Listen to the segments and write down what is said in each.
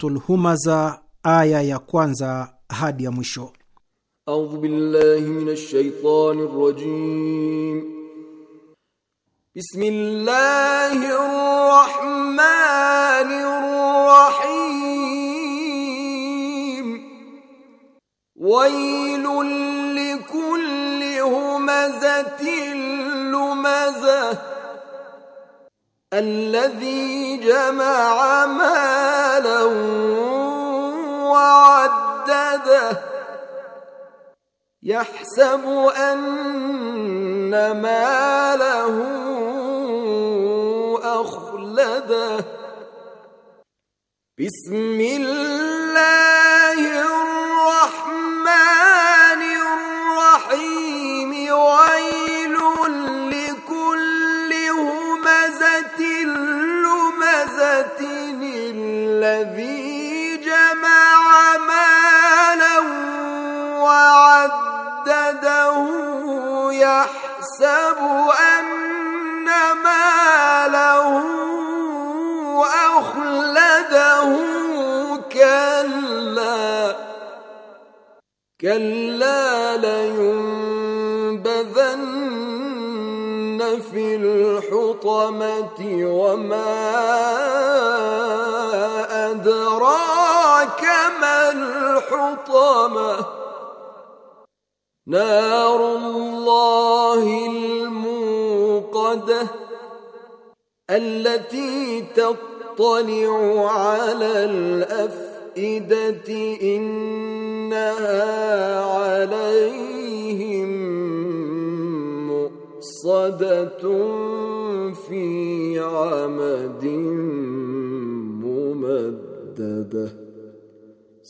Suratul Humaza, aya ya kwanza hadi ya mwisho. Audhu billahi minash shaitani rajim. Bismillahir rahmanir rahim. Wailul likulli humazatin lumaza alladhi jama'a ma وعدده يحسب أن ماله أخلده بسم الله الرحمن الرحيم ويل لكل همزة لمزة الذي جمع مالا وعدده يحسب أن ماله أخلده كلا كلا لينبذن في الحطمة وما الحطمة نار الله الموقدة التي تطلع على الأفئدة إنها عليهم مؤصدة في عمد ممدده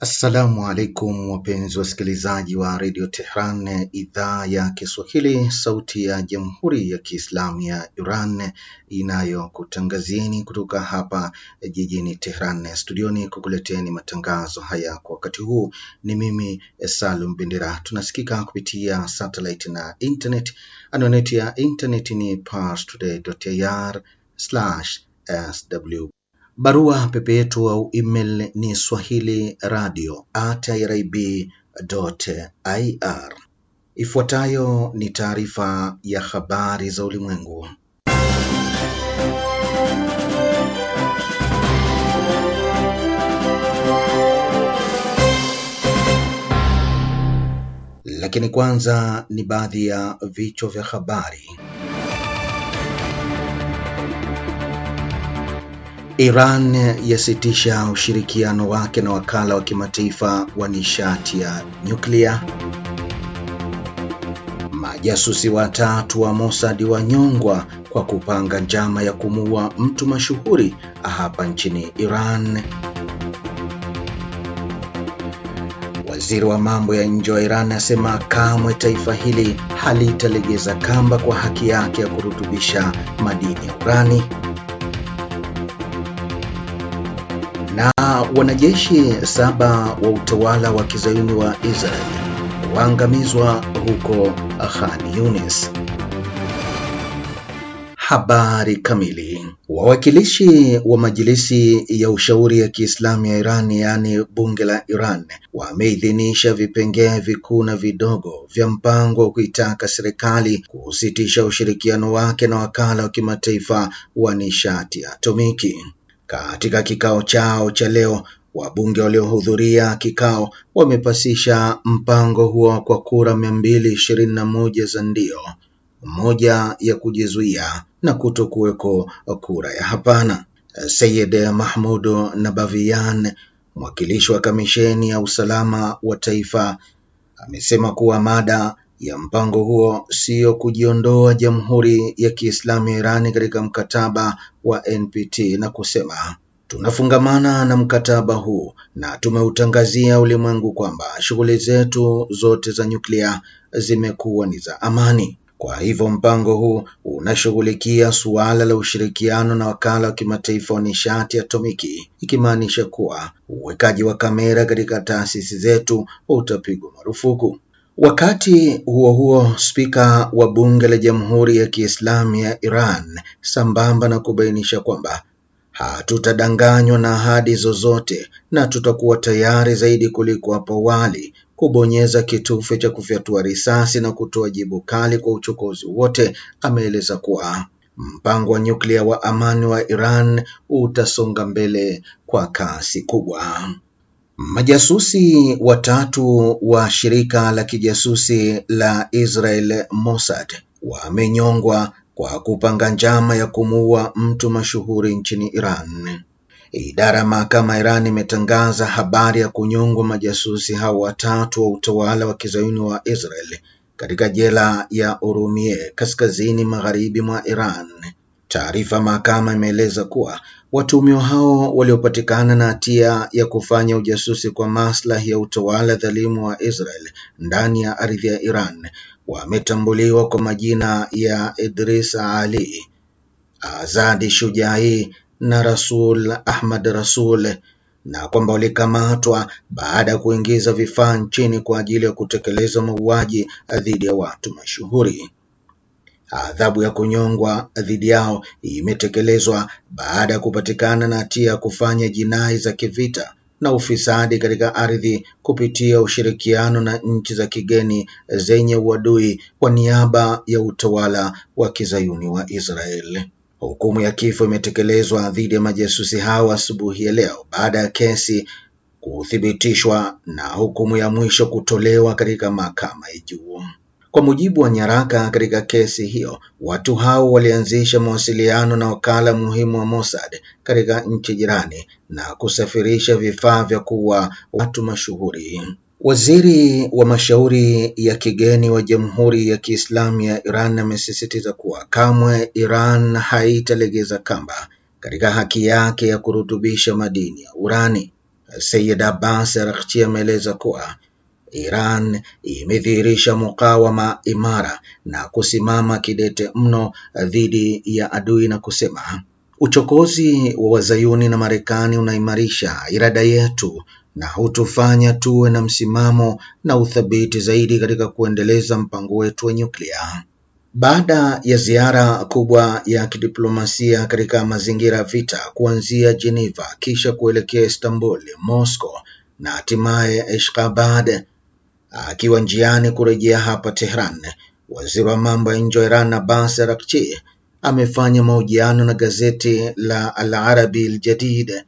Assalamu alaikum wapenzi wasikilizaji wa redio Tehran idhaa ya Kiswahili sauti ya jamhuri ya Kiislamu ya Iran inayokutangazieni kutoka hapa jijini Tehran studioni kukuleteni matangazo haya kwa wakati huu. Ni mimi Salum Bendera. Tunasikika kupitia satellite na internet. Anwani ya internet ni parstoday.ir/sw Barua pepe yetu au email ni swahili radio at irib ir. Ifuatayo ni taarifa ya habari za ulimwengu, lakini kwanza ni baadhi ya vichwa vya habari. Iran yasitisha ushirikiano wake na wakala wa kimataifa wa nishati ya nyuklia. Majasusi watatu wa Mossad wanyongwa kwa kupanga njama ya kumuua mtu mashuhuri hapa nchini Iran. Waziri wa mambo ya nje wa Iran asema kamwe taifa hili halitalegeza kamba kwa haki yake ya kurutubisha madini ya urani. wanajeshi saba wa utawala wa kizayuni wa Israel waangamizwa huko Khan Yunis. Habari kamili. Wawakilishi wa majilisi ya ushauri ya Kiislamu ya Iran, yaani bunge la Iran, wameidhinisha vipengee vikuu na vidogo vya mpango wa kuitaka serikali kusitisha ushirikiano wake na wakala wa kimataifa wa nishati atomiki. Katika kikao chao cha leo, wabunge waliohudhuria kikao wamepasisha mpango huo kwa kura mia mbili ishirini na moja za ndio, moja ya kujizuia na kutokuweko kura ya hapana. Sayid Mahmud Nabavian, mwakilishi wa kamisheni ya usalama wa taifa, amesema kuwa mada ya mpango huo siyo kujiondoa Jamhuri ya Kiislamu ya Irani katika mkataba wa NPT na kusema tunafungamana na mkataba huu na tumeutangazia ulimwengu kwamba shughuli zetu zote za nyuklia zimekuwa ni za amani. Kwa hivyo mpango huu unashughulikia suala la ushirikiano na wakala wa kimataifa wa nishati atomiki, ikimaanisha kuwa uwekaji wa kamera katika taasisi zetu utapigwa marufuku. Wakati huo huo, spika wa bunge la Jamhuri ya Kiislamu ya Iran, sambamba na kubainisha kwamba hatutadanganywa na ahadi zozote na tutakuwa tayari zaidi kuliko hapo awali kubonyeza kitufe cha kufyatua risasi na kutoa jibu kali kwa uchokozi wote, ameeleza kuwa mpango wa nyuklia wa amani wa Iran utasonga mbele kwa kasi kubwa. Majasusi watatu wa shirika la kijasusi la Israel Mossad wamenyongwa kwa kupanga njama ya kumuua mtu mashuhuri nchini Iran. Idara ya mahakama Iran imetangaza habari ya kunyongwa majasusi hao watatu wa utawala wa kizayuni wa Israel katika jela ya Urumie kaskazini magharibi mwa Iran Taarifa mahakama imeeleza kuwa watuhumiwa hao waliopatikana na hatia ya kufanya ujasusi kwa maslahi ya utawala dhalimu wa Israel ndani ya ardhi ya Iran wametambuliwa kwa majina ya Idris Ali, Azadi Shujai na Rasul Ahmad Rasul na kwamba walikamatwa baada ya kuingiza vifaa nchini kwa ajili ya kutekeleza mauaji dhidi ya watu mashuhuri. Adhabu ya kunyongwa dhidi yao imetekelezwa baada ya kupatikana na hatia ya kufanya jinai za kivita na ufisadi katika ardhi kupitia ushirikiano na nchi za kigeni zenye uadui kwa niaba ya utawala wa kizayuni wa Israel. Hukumu ya kifo imetekelezwa dhidi ya majasusi hao asubuhi ya leo baada ya kesi kuthibitishwa na hukumu ya mwisho kutolewa katika mahakama ya juu. Kwa mujibu wa nyaraka katika kesi hiyo, watu hao walianzisha mawasiliano na wakala muhimu wa Mossad katika nchi jirani na kusafirisha vifaa vya kuua watu mashuhuri. Waziri wa mashauri ya kigeni wa Jamhuri ya Kiislamu ya Iran amesisitiza kuwa kamwe Iran haitalegeza kamba katika haki yake ya kurutubisha madini ya urani. Sayyid Abbas Araghchi ameeleza kuwa Iran imedhihirisha mukawama imara na kusimama kidete mno dhidi ya adui na kusema uchokozi wa wazayuni na Marekani unaimarisha irada yetu na hutufanya tuwe na msimamo na uthabiti zaidi katika kuendeleza mpango wetu wa nyuklia. Baada ya ziara kubwa ya kidiplomasia katika mazingira ya vita kuanzia Geneva kisha kuelekea Istanbul, Moscow na hatimaye Ashgabad, Akiwa njiani kurejea hapa Tehran, waziri wa mambo ya nje wa Iran Abbas Araghchi amefanya mahojiano na gazeti la Al Arabi Al Jadid.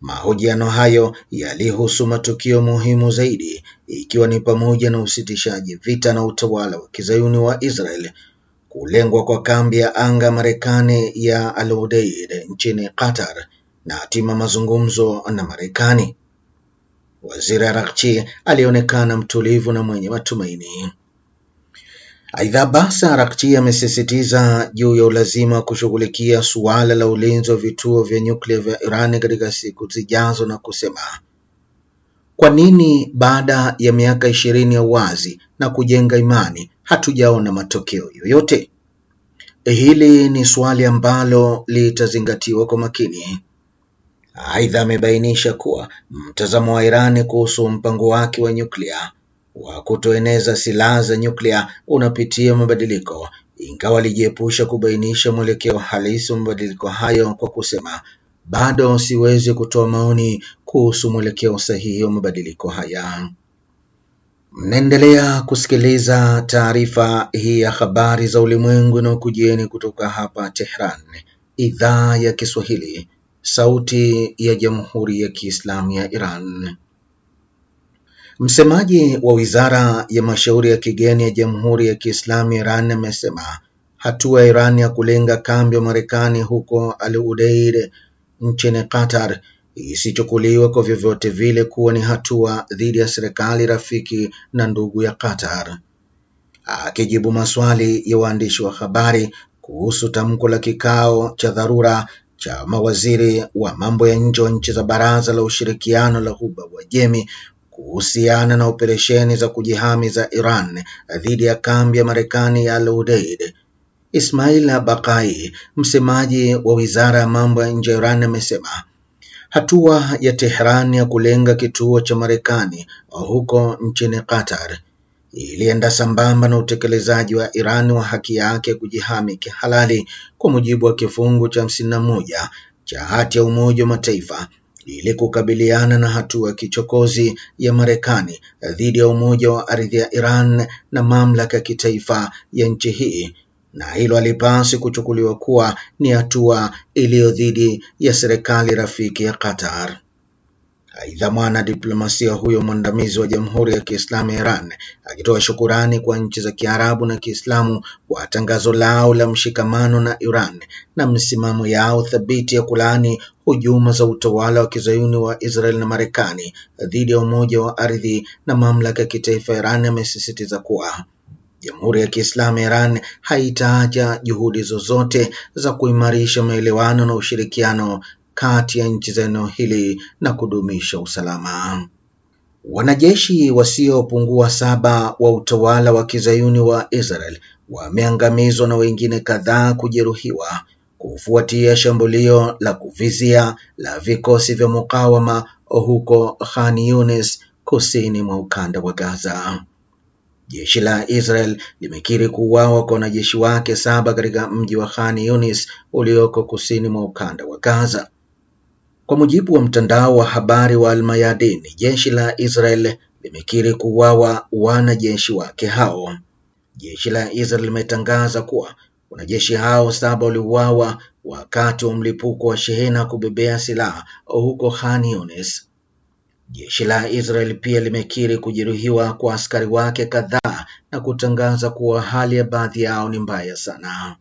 Mahojiano hayo yalihusu matukio muhimu zaidi, ikiwa ni pamoja na usitishaji vita na utawala wa kizayuni wa Israel, kulengwa kwa kambi ya anga Marekani ya Al Udeid nchini Qatar na hatima mazungumzo na Marekani. Waziri arakchi alionekana mtulivu na mwenye matumaini. Aidha, Abbas Araghchi amesisitiza juu ya ulazima wa kushughulikia suala la ulinzi wa vituo vya nyuklia vya Irani katika siku zijazo na kusema, kwa nini baada ya miaka ishirini ya uwazi na kujenga imani hatujaona matokeo yoyote? Hili ni swali ambalo litazingatiwa kwa makini. Aidha, amebainisha kuwa mtazamo wa Irani kuhusu mpango wake wa nyuklia wa kutoeneza silaha za nyuklia unapitia mabadiliko, ingawa alijiepusha kubainisha mwelekeo halisi wa mabadiliko hayo kwa kusema, bado siwezi kutoa maoni kuhusu mwelekeo sahihi wa mabadiliko haya. Mnaendelea kusikiliza taarifa hii ya habari za ulimwengu na ukujieni kutoka hapa Tehran, idhaa ya Kiswahili, Sauti ya Jamhuri ya Kiislamu ya Iran. Msemaji wa Wizara ya Mashauri ya Kigeni ya Jamhuri ya Kiislamu ya Iran amesema hatua ya Iran ya kulenga kambi ya Marekani huko Al Udeid nchini Qatar isichukuliwe kwa vyovyote vile kuwa ni hatua dhidi ya serikali rafiki na ndugu ya Qatar. Akijibu maswali ya waandishi wa habari kuhusu tamko la kikao cha dharura cha mawaziri wa mambo ya nje wa nchi za Baraza la Ushirikiano la Ghuba wa Jemi kuhusiana na operesheni za kujihami za Iran dhidi ya kambi ya Marekani ya Al Udeid. Ismail Bakai, msemaji wa Wizara ya Mambo ya Nje ya Iran, amesema hatua ya Tehran ya kulenga kituo cha Marekani huko nchini Qatar ilienda sambamba na utekelezaji wa Iran wa haki yake kujihami kihalali kwa mujibu wa kifungu cha hamsini na moja cha hati ya Umoja wa Mataifa ili kukabiliana na hatua ya kichokozi ya Marekani dhidi ya umoja wa ardhi ya Iran na mamlaka ya kitaifa ya nchi hii, na hilo alipasi kuchukuliwa kuwa ni hatua iliyo dhidi ya serikali rafiki ya Qatar. Aidha, mwanadiplomasia huyo mwandamizi wa Jamhuri ya Kiislamu ya Iran akitoa shukurani kwa nchi za Kiarabu na Kiislamu kwa tangazo lao la mshikamano na Iran na msimamo yao thabiti ya kulaani hujuma za utawala wa kizayuni wa Israel na Marekani dhidi ya umoja wa ardhi na mamlaka ya kitaifa ya Iran, amesisitiza kuwa Jamhuri ya Kiislamu ya Iran haitaacha juhudi zozote za kuimarisha maelewano na ushirikiano kati ya nchi za eneo hili na kudumisha usalama. Wanajeshi wasiopungua saba wa utawala wa kizayuni wa Israel wameangamizwa na wengine kadhaa kujeruhiwa kufuatia shambulio la kuvizia la vikosi vya mukawama huko Khan Yunis kusini mwa ukanda wa Gaza. Jeshi la Israel limekiri kuuawa kwa wanajeshi wake saba katika mji wa Khan Yunis ulioko kusini mwa ukanda wa Gaza. Kwa mujibu wa mtandao wa habari wa Al-Mayadin, jeshi la Israel limekiri kuuawa wanajeshi wake hao. Jeshi la Israel limetangaza kuwa wanajeshi hao saba waliuawa wakati wa mlipuko wa shehena kubebea silaha huko Khan Yunis. Jeshi la Israel pia limekiri kujeruhiwa kwa askari wake kadhaa na kutangaza kuwa hali ya baadhi yao ni mbaya sana.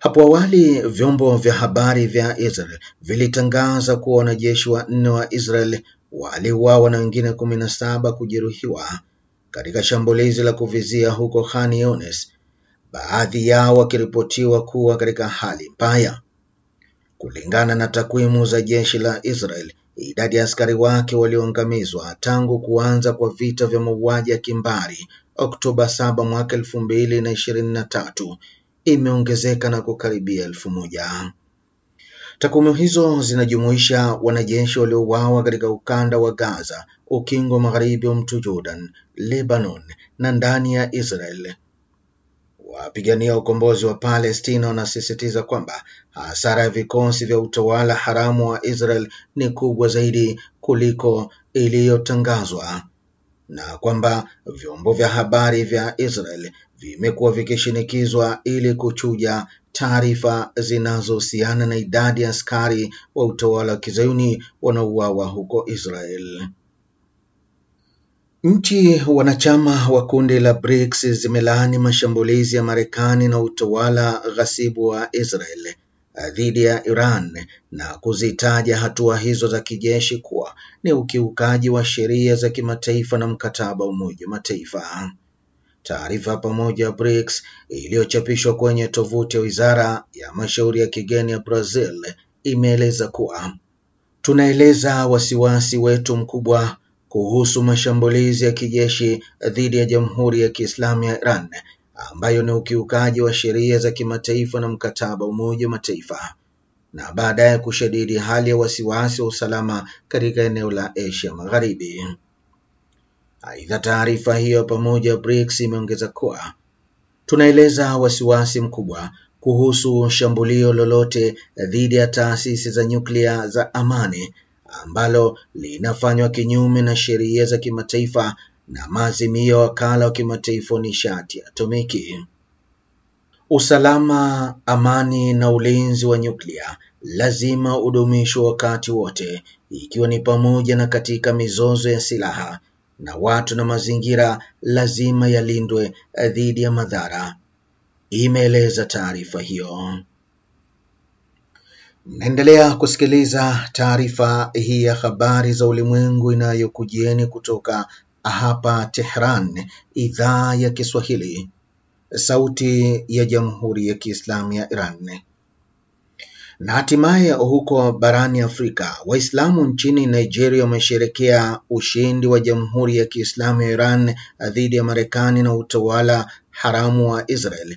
Hapo awali vyombo vya habari vya Israel vilitangaza kuwa wanajeshi wanne wa Israel waliuawa na wengine kumi na saba kujeruhiwa katika shambulizi la kuvizia huko Khan Younis, baadhi yao wakiripotiwa kuwa katika hali mbaya. Kulingana na takwimu za jeshi la Israel, idadi ya askari wake walioangamizwa tangu kuanza kwa vita vya mauaji ya kimbari Oktoba 7 mwaka elfu mbili na ishirini na tatu imeongezeka na kukaribia elfu moja. Takwimu hizo zinajumuisha wanajeshi waliouawa katika ukanda wa Gaza, ukingo magharibi wa mto Jordan, Lebanon na ndani ya Israel. Wapigania ukombozi wa Palestina wanasisitiza kwamba hasara ya vikosi vya utawala haramu wa Israel ni kubwa zaidi kuliko iliyotangazwa na kwamba vyombo vya habari vya Israel vimekuwa vikishinikizwa ili kuchuja taarifa zinazohusiana na idadi ya askari wa utawala wa kizayuni wanaouawa huko Israel. Nchi wanachama wa kundi la BRICS zimelaani mashambulizi ya Marekani na utawala ghasibu wa Israel eh, dhidi ya Iran na kuzitaja hatua hizo za kijeshi kuwa ni ukiukaji wa sheria za kimataifa na mkataba wa Umoja wa Mataifa. Taarifa pamoja BRICS iliyochapishwa kwenye tovuti ya Wizara ya Mashauri ya Kigeni ya Brazil imeeleza kuwa tunaeleza wasiwasi wetu mkubwa kuhusu mashambulizi ya kijeshi dhidi ya Jamhuri ya Kiislamu ya Iran ambayo ni ukiukaji wa sheria za kimataifa na mkataba wa Umoja wa Mataifa na baadaye kushadidi hali ya wasiwasi wa usalama katika eneo la Asia Magharibi. Aidha, taarifa hiyo pamoja BRICS imeongeza kuwa tunaeleza wasiwasi mkubwa kuhusu shambulio lolote dhidi ya taasisi za nyuklia za amani ambalo linafanywa kinyume na sheria za kimataifa na maazimio ya wakala wa kimataifa wa nishati atomiki. Usalama, amani na ulinzi wa nyuklia lazima udumishwe wakati wote, ikiwa ni pamoja na katika mizozo ya silaha na watu na mazingira lazima yalindwe eh, dhidi ya madhara, imeeleza taarifa hiyo. Naendelea kusikiliza taarifa hii ya habari za ulimwengu inayokujieni kutoka hapa Tehran, idhaa ya Kiswahili, sauti ya Jamhuri ya Kiislamu ya Iran. Na hatimaye huko barani Afrika, Waislamu nchini Nigeria wamesherekea ushindi wa Jamhuri ya Kiislamu ya Iran dhidi ya Marekani na utawala haramu wa Israel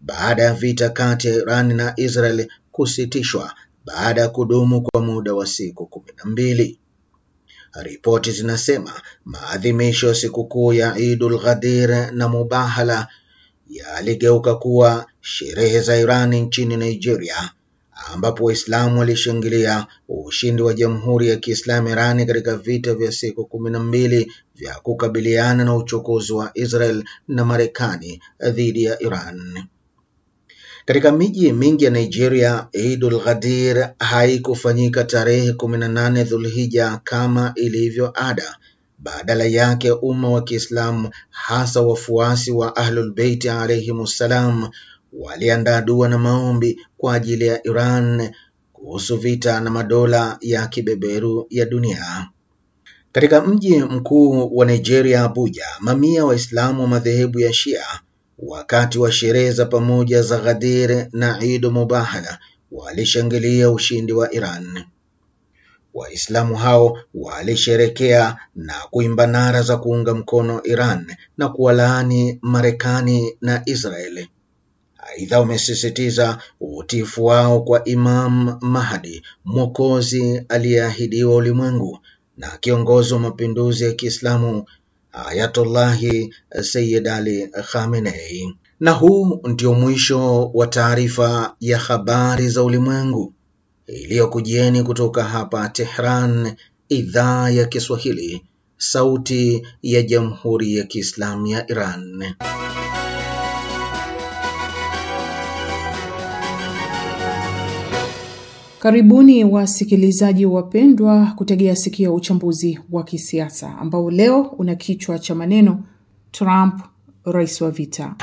baada ya vita kati ya Iran na Israel kusitishwa baada ya kudumu kwa muda wa siku kumi na mbili. Ripoti zinasema maadhimisho ya sikukuu ya Idul Ghadir na Mubahala yaligeuka kuwa sherehe za Irani nchini Nigeria ambapo Waislamu walishangilia ushindi wa Jamhuri ya Kiislamu Irani katika vita vya siku kumi na mbili vya kukabiliana na uchokozi wa Israel na Marekani dhidi ya Iran. Katika miji mingi ya Nigeria, Idul Ghadir haikufanyika tarehe kumi na nane Dhulhija kama ilivyo ada. Badala yake umma wa Kiislamu hasa wafuasi wa Ahlulbeiti ssalam waliandaa dua na maombi kwa ajili ya Iran kuhusu vita na madola ya kibeberu ya dunia. Katika mji mkuu wa Nigeria, Abuja, mamia Waislamu wa madhehebu ya Shia wakati wa sherehe za pamoja za Ghadir na Eid Mubahala walishangilia ushindi wa Iran. Waislamu hao walisherekea na kuimba nara za kuunga mkono Iran na kuwalaani Marekani na Israeli. Aidha, wamesisitiza utifu wao kwa Imam Mahdi, mwokozi aliyeahidiwa ulimwengu na kiongozi wa mapinduzi ya Kiislamu Ayatullahi Sayyid Ali Khamenei. Na huu ndio mwisho wa taarifa ya habari za ulimwengu iliyokujieni kutoka hapa Tehran, idhaa ya Kiswahili, sauti ya Jamhuri ya Kiislamu ya Iran. Karibuni wasikilizaji wapendwa, kutegea sikio uchambuzi wa kisiasa ambao leo una kichwa cha maneno Trump, rais wa vita.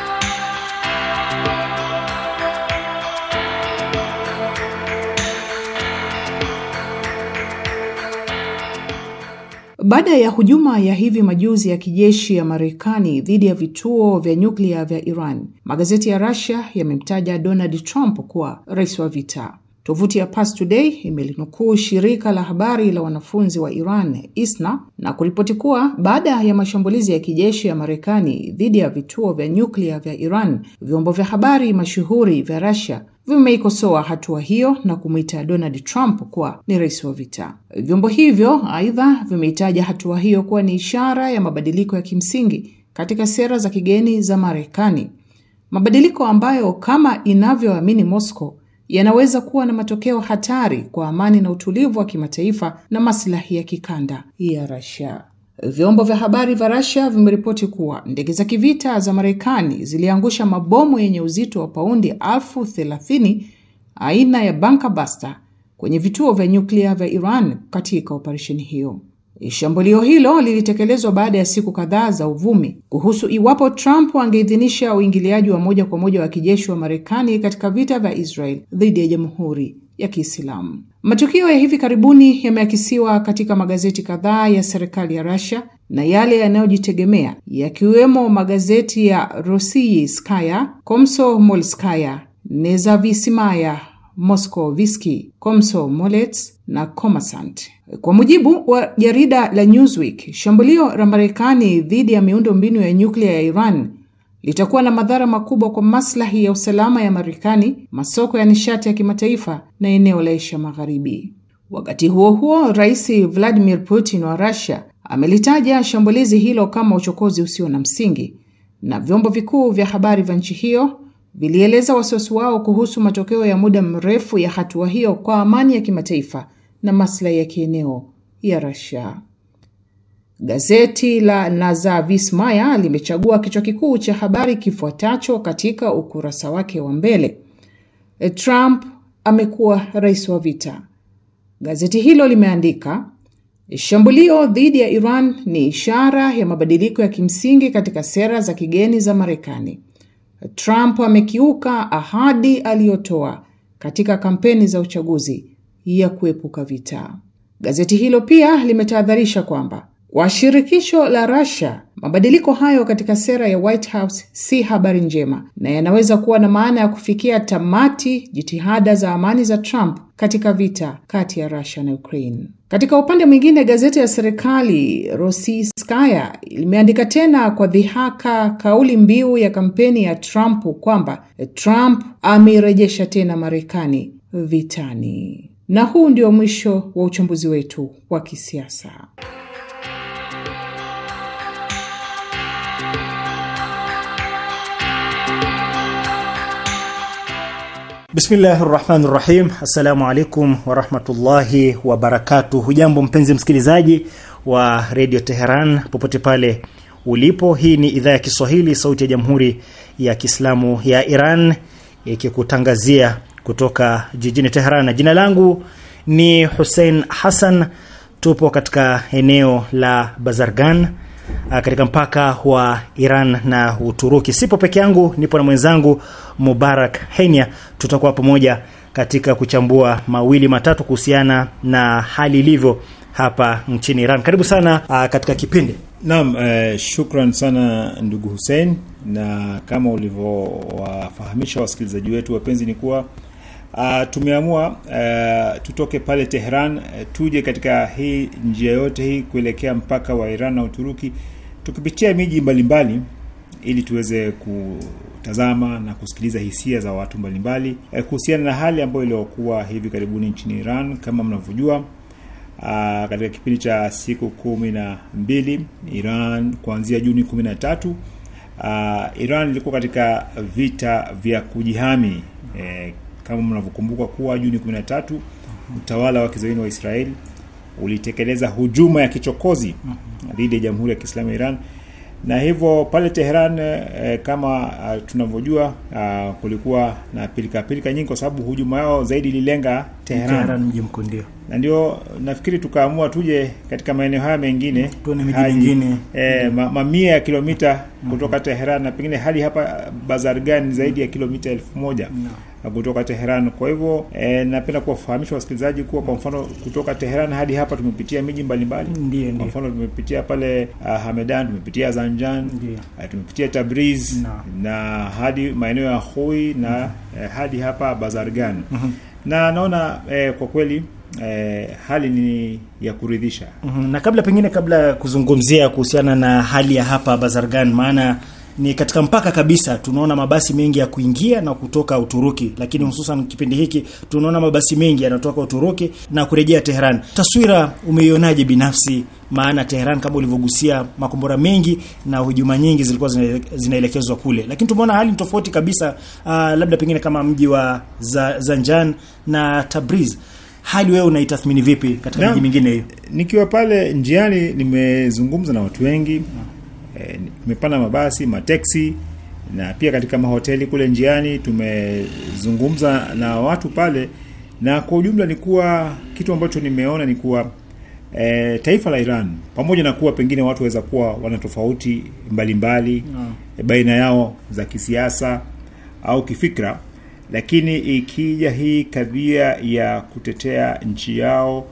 Baada ya hujuma ya hivi majuzi ya kijeshi ya Marekani dhidi ya vituo vya nyuklia vya Iran, magazeti ya Russia yamemtaja Donald Trump kuwa rais wa vita. Tovuti ya Pars Today imelinukuu shirika la habari la wanafunzi wa Iran ISNA na kuripoti kuwa baada ya mashambulizi ya kijeshi ya Marekani dhidi ya vituo vya nyuklia vya Iran, vyombo vya habari mashuhuri vya Russia vimeikosoa hatua hiyo na kumwita Donald Trump kuwa ni rais wa vita. Vyombo hivyo aidha vimeitaja hatua hiyo kuwa ni ishara ya mabadiliko ya kimsingi katika sera za kigeni za Marekani, mabadiliko ambayo kama inavyoamini Moscow yanaweza kuwa na matokeo hatari kwa amani na utulivu wa kimataifa na maslahi ya kikanda ya rasia Vyombo vya habari vya rasia vimeripoti kuwa ndege za kivita za Marekani ziliangusha mabomu yenye uzito wa paundi elfu thelathini aina ya bunker buster kwenye vituo vya nyuklia vya Iran katika operesheni hiyo. Shambulio hilo lilitekelezwa baada ya siku kadhaa za uvumi kuhusu iwapo Trump angeidhinisha uingiliaji wa moja kwa moja wa kijeshi wa Marekani katika vita vya Israel dhidi ya Jamhuri ya Kiislamu. Matukio ya hivi karibuni yameakisiwa katika magazeti kadhaa ya serikali ya Russia na yale yanayojitegemea yakiwemo magazeti ya Rossiyskaya, Komsomolskaya, Nezavisimaya Moscow Visky, Komso Molets na Komasant. Kwa mujibu wa jarida la Newsweek, shambulio la Marekani dhidi ya miundo mbinu ya nyuklia ya Iran litakuwa na madhara makubwa kwa maslahi ya usalama ya Marekani, masoko ya nishati ya kimataifa na eneo la Asia Magharibi. Wakati huo huo, Rais Vladimir Putin wa Russia amelitaja shambulizi hilo kama uchokozi usio na msingi, na vyombo vikuu vya habari vya nchi hiyo vilieleza wasiwasi wao kuhusu matokeo ya muda mrefu ya hatua hiyo kwa amani ya kimataifa na maslahi ya kieneo ya Russia. Gazeti la Nazavistmaya limechagua kichwa kikuu cha habari kifuatacho katika ukurasa wake wa mbele: Trump amekuwa rais wa vita. Gazeti hilo limeandika shambulio dhidi ya Iran ni ishara ya mabadiliko ya kimsingi katika sera za kigeni za Marekani. Trump amekiuka ahadi aliyotoa katika kampeni za uchaguzi ya kuepuka vita. Gazeti hilo pia limetahadharisha kwamba wa shirikisho la Russia. Mabadiliko hayo katika sera ya White House si habari njema na yanaweza kuwa na maana ya kufikia tamati jitihada za amani za Trump katika vita kati ya Russia na Ukraine. Katika upande mwingine, gazeti ya serikali Rossiyskaya limeandika tena kwa dhihaka kauli mbiu ya kampeni ya Trump kwamba Trump ameirejesha tena Marekani vitani. Na huu ndio mwisho wa uchambuzi wetu wa kisiasa. Bismillahi rahmani rahim. Assalamu alaikum warahmatullahi wabarakatu. Hujambo mpenzi msikilizaji wa redio Teheran popote pale ulipo. Hii ni idhaa ya Kiswahili sauti ya jamhuri ya Kiislamu ya Iran ikikutangazia kutoka jijini Teheran. Jina langu ni Hussein Hassan, tupo katika eneo la Bazargan Ah, katika mpaka wa Iran na Uturuki. Sipo peke yangu, nipo na mwenzangu Mubarak Henia. Tutakuwa pamoja katika kuchambua mawili matatu kuhusiana na hali ilivyo hapa nchini Iran. Karibu sana uh, katika kipindi. Naam, Uh, shukran sana ndugu Hussein, na kama ulivyowafahamisha wasikilizaji wetu wapenzi ni kuwa uh, tumeamua uh, tutoke pale Tehran uh, tuje katika hii njia yote hii kuelekea mpaka wa Iran na Uturuki tukipitia miji mbalimbali ili tuweze kutazama na kusikiliza hisia za watu mbalimbali uh, kuhusiana na hali ambayo iliyokuwa hivi karibuni nchini Iran kama mnavyojua. Uh, katika kipindi cha siku kumi na mbili Iran kuanzia Juni kumi na tatu uh, Iran ilikuwa katika vita vya kujihami eh, kama mnavyokumbuka kuwa Juni 13 mhm. utawala wa kizayuni wa Israeli ulitekeleza hujuma ya kichokozi mhm. dhidi ya Jamhuri ya Kiislamu ya Iran na hivyo pale Teheran eh, eh kama eh, tunavyojua ah, kulikuwa na pilika pilika nyingi, kwa sababu hujuma yao zaidi ililenga Teheran, Teheran mji mkuu, ndio na ndio nafikiri tukaamua tuje katika maeneo haya mengine mm, tuone miji mingine e, ma, mamia ya kilomita mm -hmm. kutoka Teheran na pengine hadi hapa Bazargan zaidi ya mm. kilomita elfu moja no kutoka Teheran. Kwa hivyo e, napenda kuwafahamisha wasikilizaji kuwa kwa mfano kutoka Teheran hadi hapa tumepitia miji mbalimbali. Kwa mfano tumepitia pale uh, Hamedan, tumepitia Zanjan, uh, tumepitia Tabriz na, na hadi maeneo ya hui na uh, hadi hapa Bazargan mhm. na naona eh, kwa kweli Eh, hali ni ya kuridhisha. mm -hmm. Na kabla pengine, kabla ya kuzungumzia kuhusiana na hali ya hapa Bazargan, maana ni katika mpaka kabisa, tunaona mabasi mengi ya kuingia na kutoka Uturuki, lakini hususan kipindi hiki tunaona mabasi mengi yanatoka Uturuki na kurejea Tehran. Taswira umeionaje binafsi? Maana Tehran kama ulivyogusia, makombora mengi na hujuma nyingi zilikuwa zinaelekezwa kule, lakini tumeona hali tofauti kabisa. Uh, labda pengine kama mji wa za, Zanjan na Tabriz hali wewe unaitathmini vipi katika miji mingine hiyo? Nikiwa pale njiani nimezungumza na watu wengi Eh, tumepanda mabasi, mateksi na pia katika mahoteli kule njiani. Tumezungumza na watu pale, na kwa ujumla ni kuwa kitu ambacho nimeona ni kuwa e, taifa la Iran pamoja na kuwa pengine watu waweza kuwa wana tofauti mbalimbali no. Ah. Eh, baina yao za kisiasa au kifikra, lakini ikija hii kadhia ya kutetea nchi yao,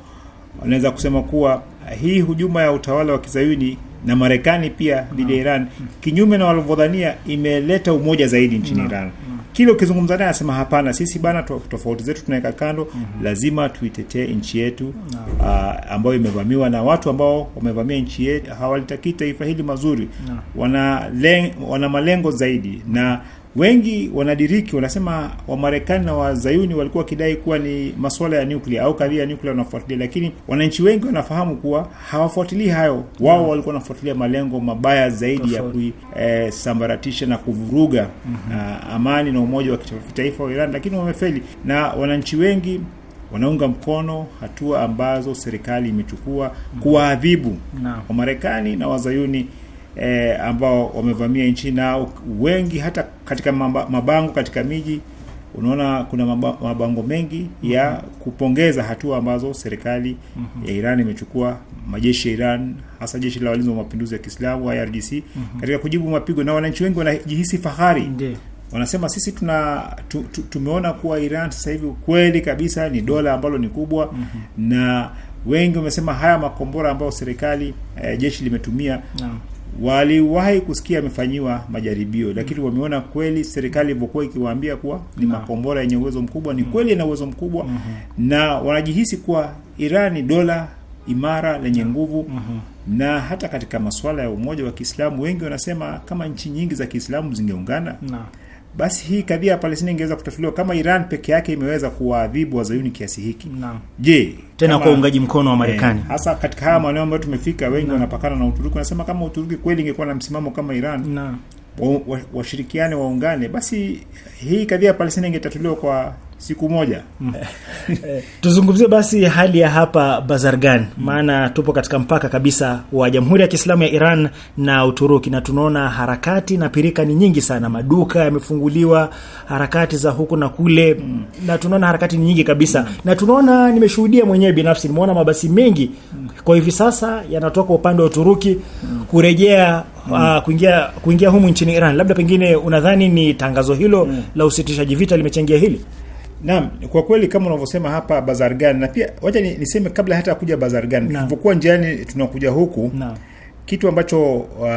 wanaweza kusema kuwa hii hujuma ya utawala wa kizayuni na Marekani pia dhidi ya hmm. Iran, kinyume na walivyodhania, imeleta umoja zaidi nchini hmm. Iran. Hmm. Kile ukizungumza naye anasema hapana, sisi bana, tofauti zetu tunaweka kando, lazima tuitetee nchi yetu aa, ah, ambayo imevamiwa na watu ambao wamevamia nchi yetu hawalitakii taifa hili mazuri, wana, len, wana malengo zaidi na Wengi wanadiriki wanasema Wamarekani na Wazayuni walikuwa wakidai kuwa ni masuala ya nuklia au kadhia ya nuklia wanafuatilia, lakini wananchi wengi wanafahamu kuwa hawafuatilii hayo. Wao mm. walikuwa wanafuatilia malengo mabaya zaidi ya kuisambaratisha na kuvuruga mm -hmm. uh, amani na umoja wa kitaifa wa Iran, lakini wamefeli, na wananchi wengi wanaunga mkono hatua ambazo serikali imechukua mm. kuwaadhibu Wamarekani na Wazayuni e, ambao wamevamia nchi na wengi hata katika mabango katika miji unaona kuna mabango mengi ya mm-hmm. kupongeza hatua ambazo serikali mm -hmm. ya Iran imechukua, majeshi ya Iran hasa jeshi la walinzi wa mapinduzi ya Kiislamu IRGC mm -hmm. katika kujibu mapigo, na wananchi wengi wanajihisi fahari Nde. wanasema sisi tuna tu, tu, tumeona kuwa Iran sasa hivi kweli kabisa ni dola ambalo ni kubwa mm -hmm. na wengi wamesema haya makombora ambayo serikali eh, jeshi limetumia no waliwahi kusikia amefanyiwa majaribio, lakini mm. wameona kweli serikali ilivyokuwa ikiwaambia kuwa ni na makombora yenye uwezo mkubwa, ni mm. kweli ina uwezo mkubwa mm-hmm. na wanajihisi kuwa Iran ni dola imara lenye nguvu mm-hmm. na hata katika masuala ya umoja wa Kiislamu wengi wanasema kama nchi nyingi za Kiislamu zingeungana basi hii kadhia ya Palestina ingeweza kutatuliwa kama Iran peke yake imeweza kuwaadhibu wazayuni kiasi hiki. Naam. Je, tena kwa uungaji mkono wa Marekani eh, hasa katika haya maeneo ambayo tumefika, wengi wanapakana na Uturuki, wanasema kama Uturuki kweli ingekuwa na msimamo kama Iran, naam, washirikiane wa waungane, basi hii kadhia ya Palestina ingetatuliwa kwa siku moja mm. eh, Tuzungumzie basi hali ya hapa Bazargan, mm. maana tupo katika mpaka kabisa wa Jamhuri ya Kiislamu ya Iran na Uturuki, na tunaona harakati na pirika ni nyingi sana, maduka yamefunguliwa, harakati za huku na kule mm. na tunaona harakati ni nyingi kabisa mm. na tunaona, nimeshuhudia mwenyewe binafsi, nimeona mabasi mengi mm. kwa hivi sasa yanatoka upande wa Uturuki mm. kurejea Mm. Uh, kuingia kuingia humu nchini Iran, labda pengine unadhani ni tangazo hilo mm. la usitishaji vita limechangia hili? Naam, kwa kweli kama unavyosema hapa Bazargan, na pia wacha niseme kabla hata kuja Bazargan, tulipokuwa njiani tunakuja huku na, kitu ambacho uh,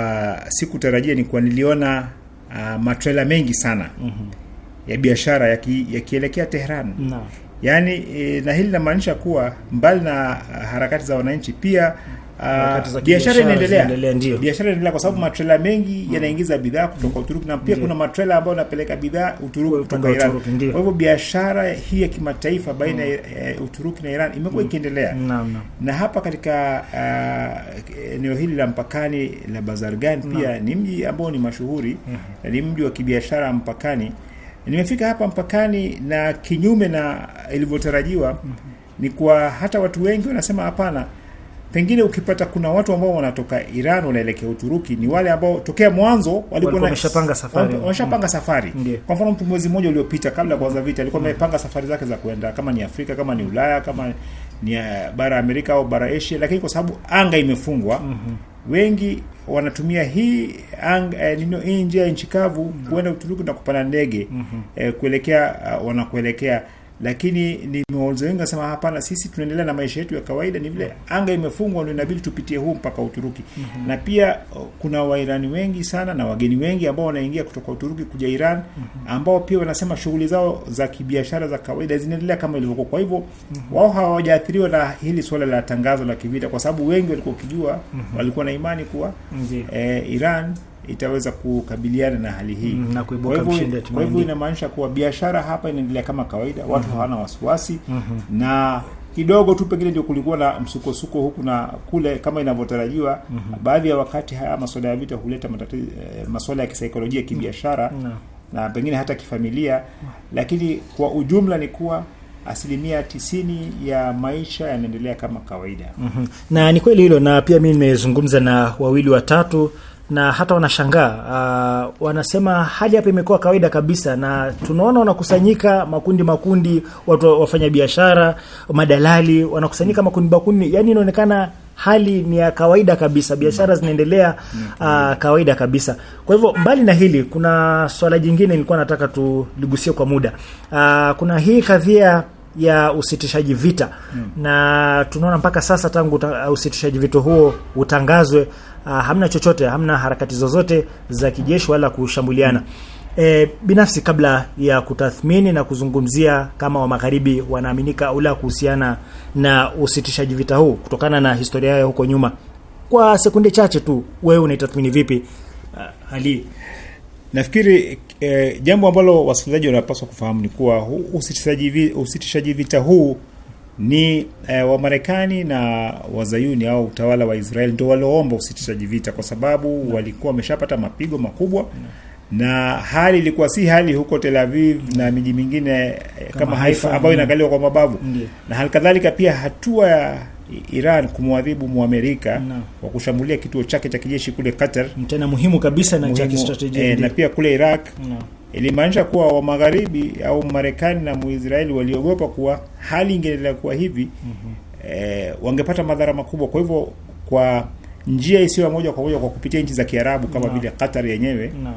sikutarajia ni kuwa niliona uh, matrela mengi sana mm -hmm. ya biashara yakielekea ya Tehran na, yaani e, na hili linamaanisha kuwa mbali na uh, harakati za wananchi pia mm -hmm Ah, biashara inaendelea, ndio biashara inaendelea kwa sababu mm. matrela mengi mm. yanaingiza bidhaa kutoka mm. Uturuki na pia ndiyo. kuna matrela ambayo yanapeleka bidhaa Uturuki kutoka Iran. Kwa hivyo biashara hii ya kimataifa baina hmm. ya mm. Uturuki na Iran imekuwa mm. ikiendelea na, na. na hapa katika ah, eneo uh, hili la mpakani la Bazargan pia ni mji ambao ni mashuhuri mm ni mji wa kibiashara mpakani. Nimefika hapa mpakani na kinyume na ilivyotarajiwa mm -hmm. ni kwa hata watu wengi wanasema hapana pengine ukipata kuna watu ambao wanatoka Iran wanaelekea Uturuki ni wale ambao tokea mwanzo walikuwa wameshapanga safari, mm. wameshapanga safari. Mm. Kwa mfano mtu mwezi mmoja uliopita kabla ya kuanza vita alikuwa mm. amepanga mm. safari zake za kuenda kama ni Afrika kama ni Ulaya kama ni eh, bara Amerika au bara Asia, lakini kwa sababu anga imefungwa mm -hmm. wengi wanatumia hii eh, nino hii njia ya nchi kavu mm. kuenda Uturuki na kupanda ndege mm -hmm. eh, kuelekea eh, wanakuelekea lakini nimewazoenga kasema hapana, sisi tunaendelea na maisha yetu ya kawaida. Ni vile anga imefungwa, ndio inabidi tupitie huu mpaka Uturuki. mm -hmm. Na pia kuna Wairani wengi sana na wageni wengi ambao wanaingia kutoka Uturuki kuja Iran, mm -hmm. ambao pia wanasema shughuli zao za kibiashara za kawaida zinaendelea kama ilivyokuwa. Kwa hivyo mm -hmm. wao hawajaathiriwa na hili suala la tangazo la kivita, kwa sababu wengi walikuwa wakijua, mm -hmm. walikuwa na imani kuwa mm -hmm. eh, Iran itaweza kukabiliana na hali hii mm, na kuibuka Kwa hivyo inamaanisha kuwa biashara hapa inaendelea kama kawaida, watu mm -hmm. hawana wasiwasi mm -hmm. na kidogo tu pengine ndio kulikuwa na msukosuko huku na kule kama inavyotarajiwa. mm -hmm. Baadhi ya wakati haya masuala ya vita huleta matatizo, eh, masuala ya kisaikolojia, kibiashara mm -hmm. na pengine hata kifamilia, lakini kwa ujumla ni kuwa asilimia tisini ya maisha yanaendelea kama kawaida. mm -hmm. na ni kweli hilo, na pia mi nimezungumza na wawili watatu na hata wanashangaa uh, wanasema hali hapa imekuwa kawaida kabisa, na tunaona wanakusanyika makundi makundi, watu wafanya biashara madalali wanakusanyika makundi makundi, yani inaonekana hali ni ya kawaida kabisa, biashara mm. zinaendelea uh, kawaida kabisa. Kwa hivyo mbali na hili, kuna swala jingine nilikuwa nataka tuligusie kwa muda uh, kuna hii kadhia ya usitishaji vita hmm. Na tunaona mpaka sasa tangu usitishaji vita huo utangazwe uh, hamna chochote, hamna harakati zozote za kijeshi wala kushambuliana. E, binafsi kabla ya kutathmini na kuzungumzia kama wa magharibi wanaaminika ula kuhusiana na usitishaji vita huu kutokana na historia yao huko nyuma, kwa sekunde chache tu, wewe unaitathmini vipi hali? Ah, Nafikiri eh, jambo ambalo wasikilizaji wanapaswa kufahamu ni kuwa usitishaji vita huu ni e, eh, Wamarekani na Wazayuni au utawala wa Israel ndio walioomba usitishaji vita, kwa sababu walikuwa wameshapata mapigo makubwa na hali ilikuwa si hali huko Tel Aviv na miji mingine eh, kama, kama Haifa ambayo inakaliwa kwa mabavu Ndiye. Na hali kadhalika pia hatua ya Iran kumwadhibu muamerika kwa kushambulia kituo chake cha kijeshi kule Qatar, mtena muhimu kabisa na cha kistratejia e, na pia kule Iraq na ilimaanisha kuwa wa magharibi au Marekani na Muisraeli waliogopa kuwa hali ingeendelea kuwa hivi mm -hmm. e, wangepata madhara makubwa. Kwa hivyo kwa njia isiyo moja kwa moja kwa kupitia nchi za Kiarabu kama vile no. Qatar yenyewe no.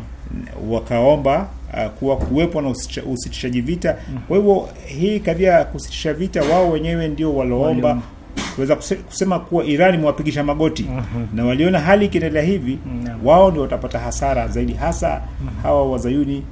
wakaomba uh, kuwa kuwepo na usitishaji vita mm -hmm. Kwa hivyo hii kadhia kusitisha vita, wao wenyewe ndio walioomba kuweza kusema kuwa Iran imewapigisha magoti -hmm. na waliona hali ikiendelea hivi -hmm. wao ndio watapata hasara zaidi, hasa -hmm. hawa wazayuni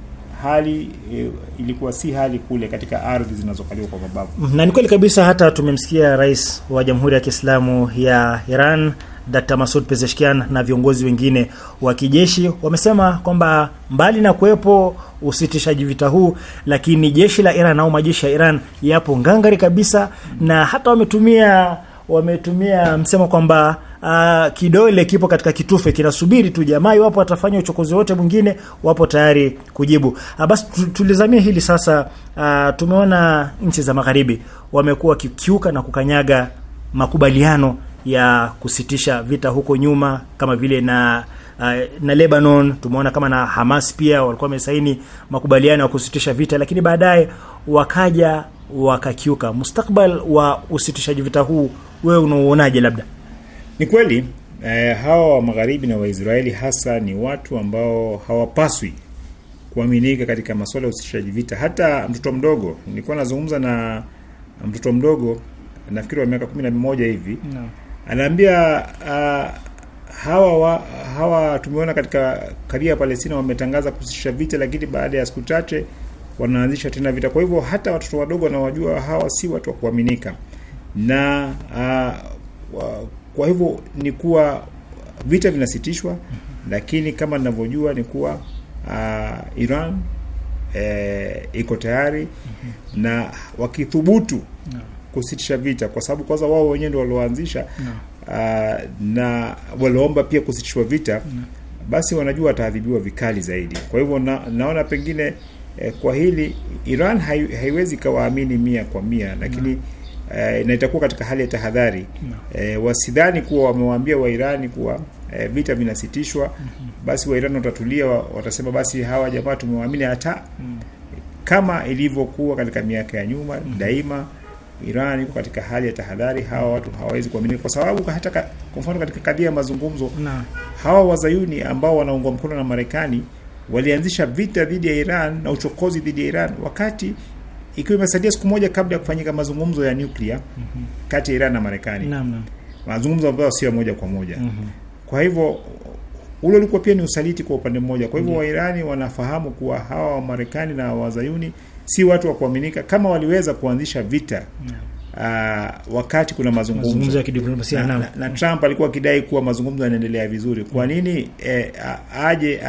hali e, ilikuwa si hali kule katika ardhi zinazokaliwa kwa mababu. Na ni kweli kabisa, hata tumemsikia rais wa Jamhuri ya Kiislamu ya Iran Dr. Masoud Pezeshkian na viongozi wengine wa kijeshi wamesema kwamba mbali na kuwepo usitishaji vita huu, lakini jeshi la Iran au majeshi ya Iran yapo ngangari kabisa, na hata wametumia wametumia msemo kwamba uh, kidole kipo katika kitufe kinasubiri tu jamaa, iwapo atafanya uchokozi wote mwingine, wapo tayari kujibu. Ah, basi tulizamia hili sasa. Uh, tumeona nchi za magharibi wamekuwa wakikiuka na kukanyaga makubaliano ya kusitisha vita huko nyuma kama vile na uh, na Lebanon tumeona kama na Hamas pia walikuwa wamesaini makubaliano ya kusitisha vita, lakini baadaye wakaja wakakiuka. Mustakbal wa usitishaji vita huu wewe unaoonaje Labda ni kweli eh, hawa wa magharibi na Waisraeli hasa ni watu ambao hawapaswi kuaminika katika masuala ya usitishaji vita. Hata mtoto mdogo, nilikuwa nazungumza na mtoto mdogo, nafikiri wa miaka kumi na mmoja hivi no. Anaambia uh, ah, hawa wa, hawa tumeona katika kadhia ya Palestina wametangaza kusitisha vita, lakini baada ya siku chache wanaanzisha tena vita. Kwa hivyo hata watoto wadogo na wajua hawa si watu wa kuaminika na uh, kwa hivyo ni kuwa vita vinasitishwa, lakini kama ninavyojua ni kuwa uh, Iran e, iko tayari mm -hmm. na wakithubutu no. kusitisha vita, kwa sababu kwanza wao wenyewe ndio walioanzisha no. uh, ah, na waliomba pia kusitishwa vita no. basi wanajua wataadhibiwa vikali zaidi. Kwa hivyo na, naona pengine eh, kwa hili Iran hai, haiwezi kawaamini mia kwa mia, lakini no eh, na itakuwa katika hali ya tahadhari no. eh, wasidhani kuwa wamewaambia Wairani kuwa eh, vita vinasitishwa mm -hmm. Basi Wairani watatulia, watasema basi hawa jamaa tumewaamini hata mm. kama ilivyokuwa katika miaka ya nyuma mm -hmm. daima Iran iko katika hali ya tahadhari. Hawa watu hawawezi kuamini, kwa sababu hata kwa mfano katika kadhia ya mazungumzo na. hawa wazayuni ambao wanaungwa mkono na Marekani walianzisha vita dhidi ya Iran na uchokozi dhidi ya Iran wakati ikiwa imesaidia siku moja kabla ya kufanyika mazungumzo ya nuklia mm -hmm. kati ya Iran na Marekani mazungumzo ambayo sio moja kwa moja mm -hmm. kwa hivyo ule ulikuwa pia ni usaliti kwa upande mmoja. Kwa hivyo yeah. Wairani wanafahamu kuwa hawa Wamarekani na Wazayuni si watu wa kuaminika. Kama waliweza kuanzisha vita yeah uh, wakati kuna mazungumzo, mazungumzo ya kidiplomasia na, na, na Trump alikuwa akidai kuwa mazungumzo yanaendelea vizuri. Kwa mm-hmm. nini eh, aje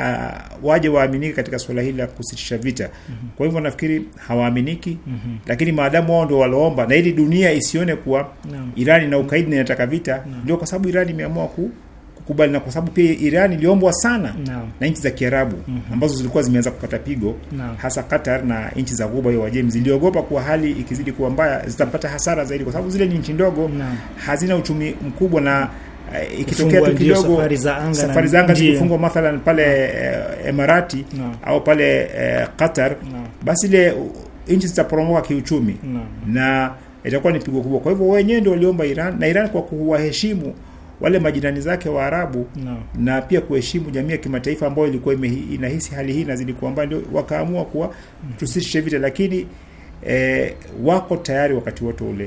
waje waaminike katika suala hili la kusitisha vita? Mm-hmm. Kwa hivyo nafikiri hawaaminiki, mm-hmm. lakini maadamu wao ndio waloomba na ili dunia isione kuwa irani na ukaidi inataka vita, ndio kwa sababu irani imeamua ku kukubali, na kwa sababu pia Iran iliombwa sana no. na nchi za Kiarabu mm -hmm. ambazo zilikuwa zimeanza kupata pigo no. hasa Qatar na nchi za Ghuba ya Uajemi ziliogopa kuwa hali ikizidi kuwa mbaya zitapata hasara zaidi, kwa sababu zile ni nchi ndogo no. hazina uchumi mkubwa na Uh, ikitokea tu kidogo safari za anga, safari za anga zikifungwa mathalan pale no. uh, eh, Emirati no. au pale uh, Qatar no. basi ile nchi zitaporomoka kiuchumi no. na itakuwa ni pigo kubwa. Kwa hivyo wenyewe ndio waliomba Iran na Iran kwa kuwaheshimu wale majirani zake Arabu no. na pia kuheshimu jamii ya kimataifa ambayo ilikuwa inahisi hali hii inazidi kuwa mbaya, ndio wakaamua kuwa mm. tusitishe vita, lakini e, wako tayari wakati wote ule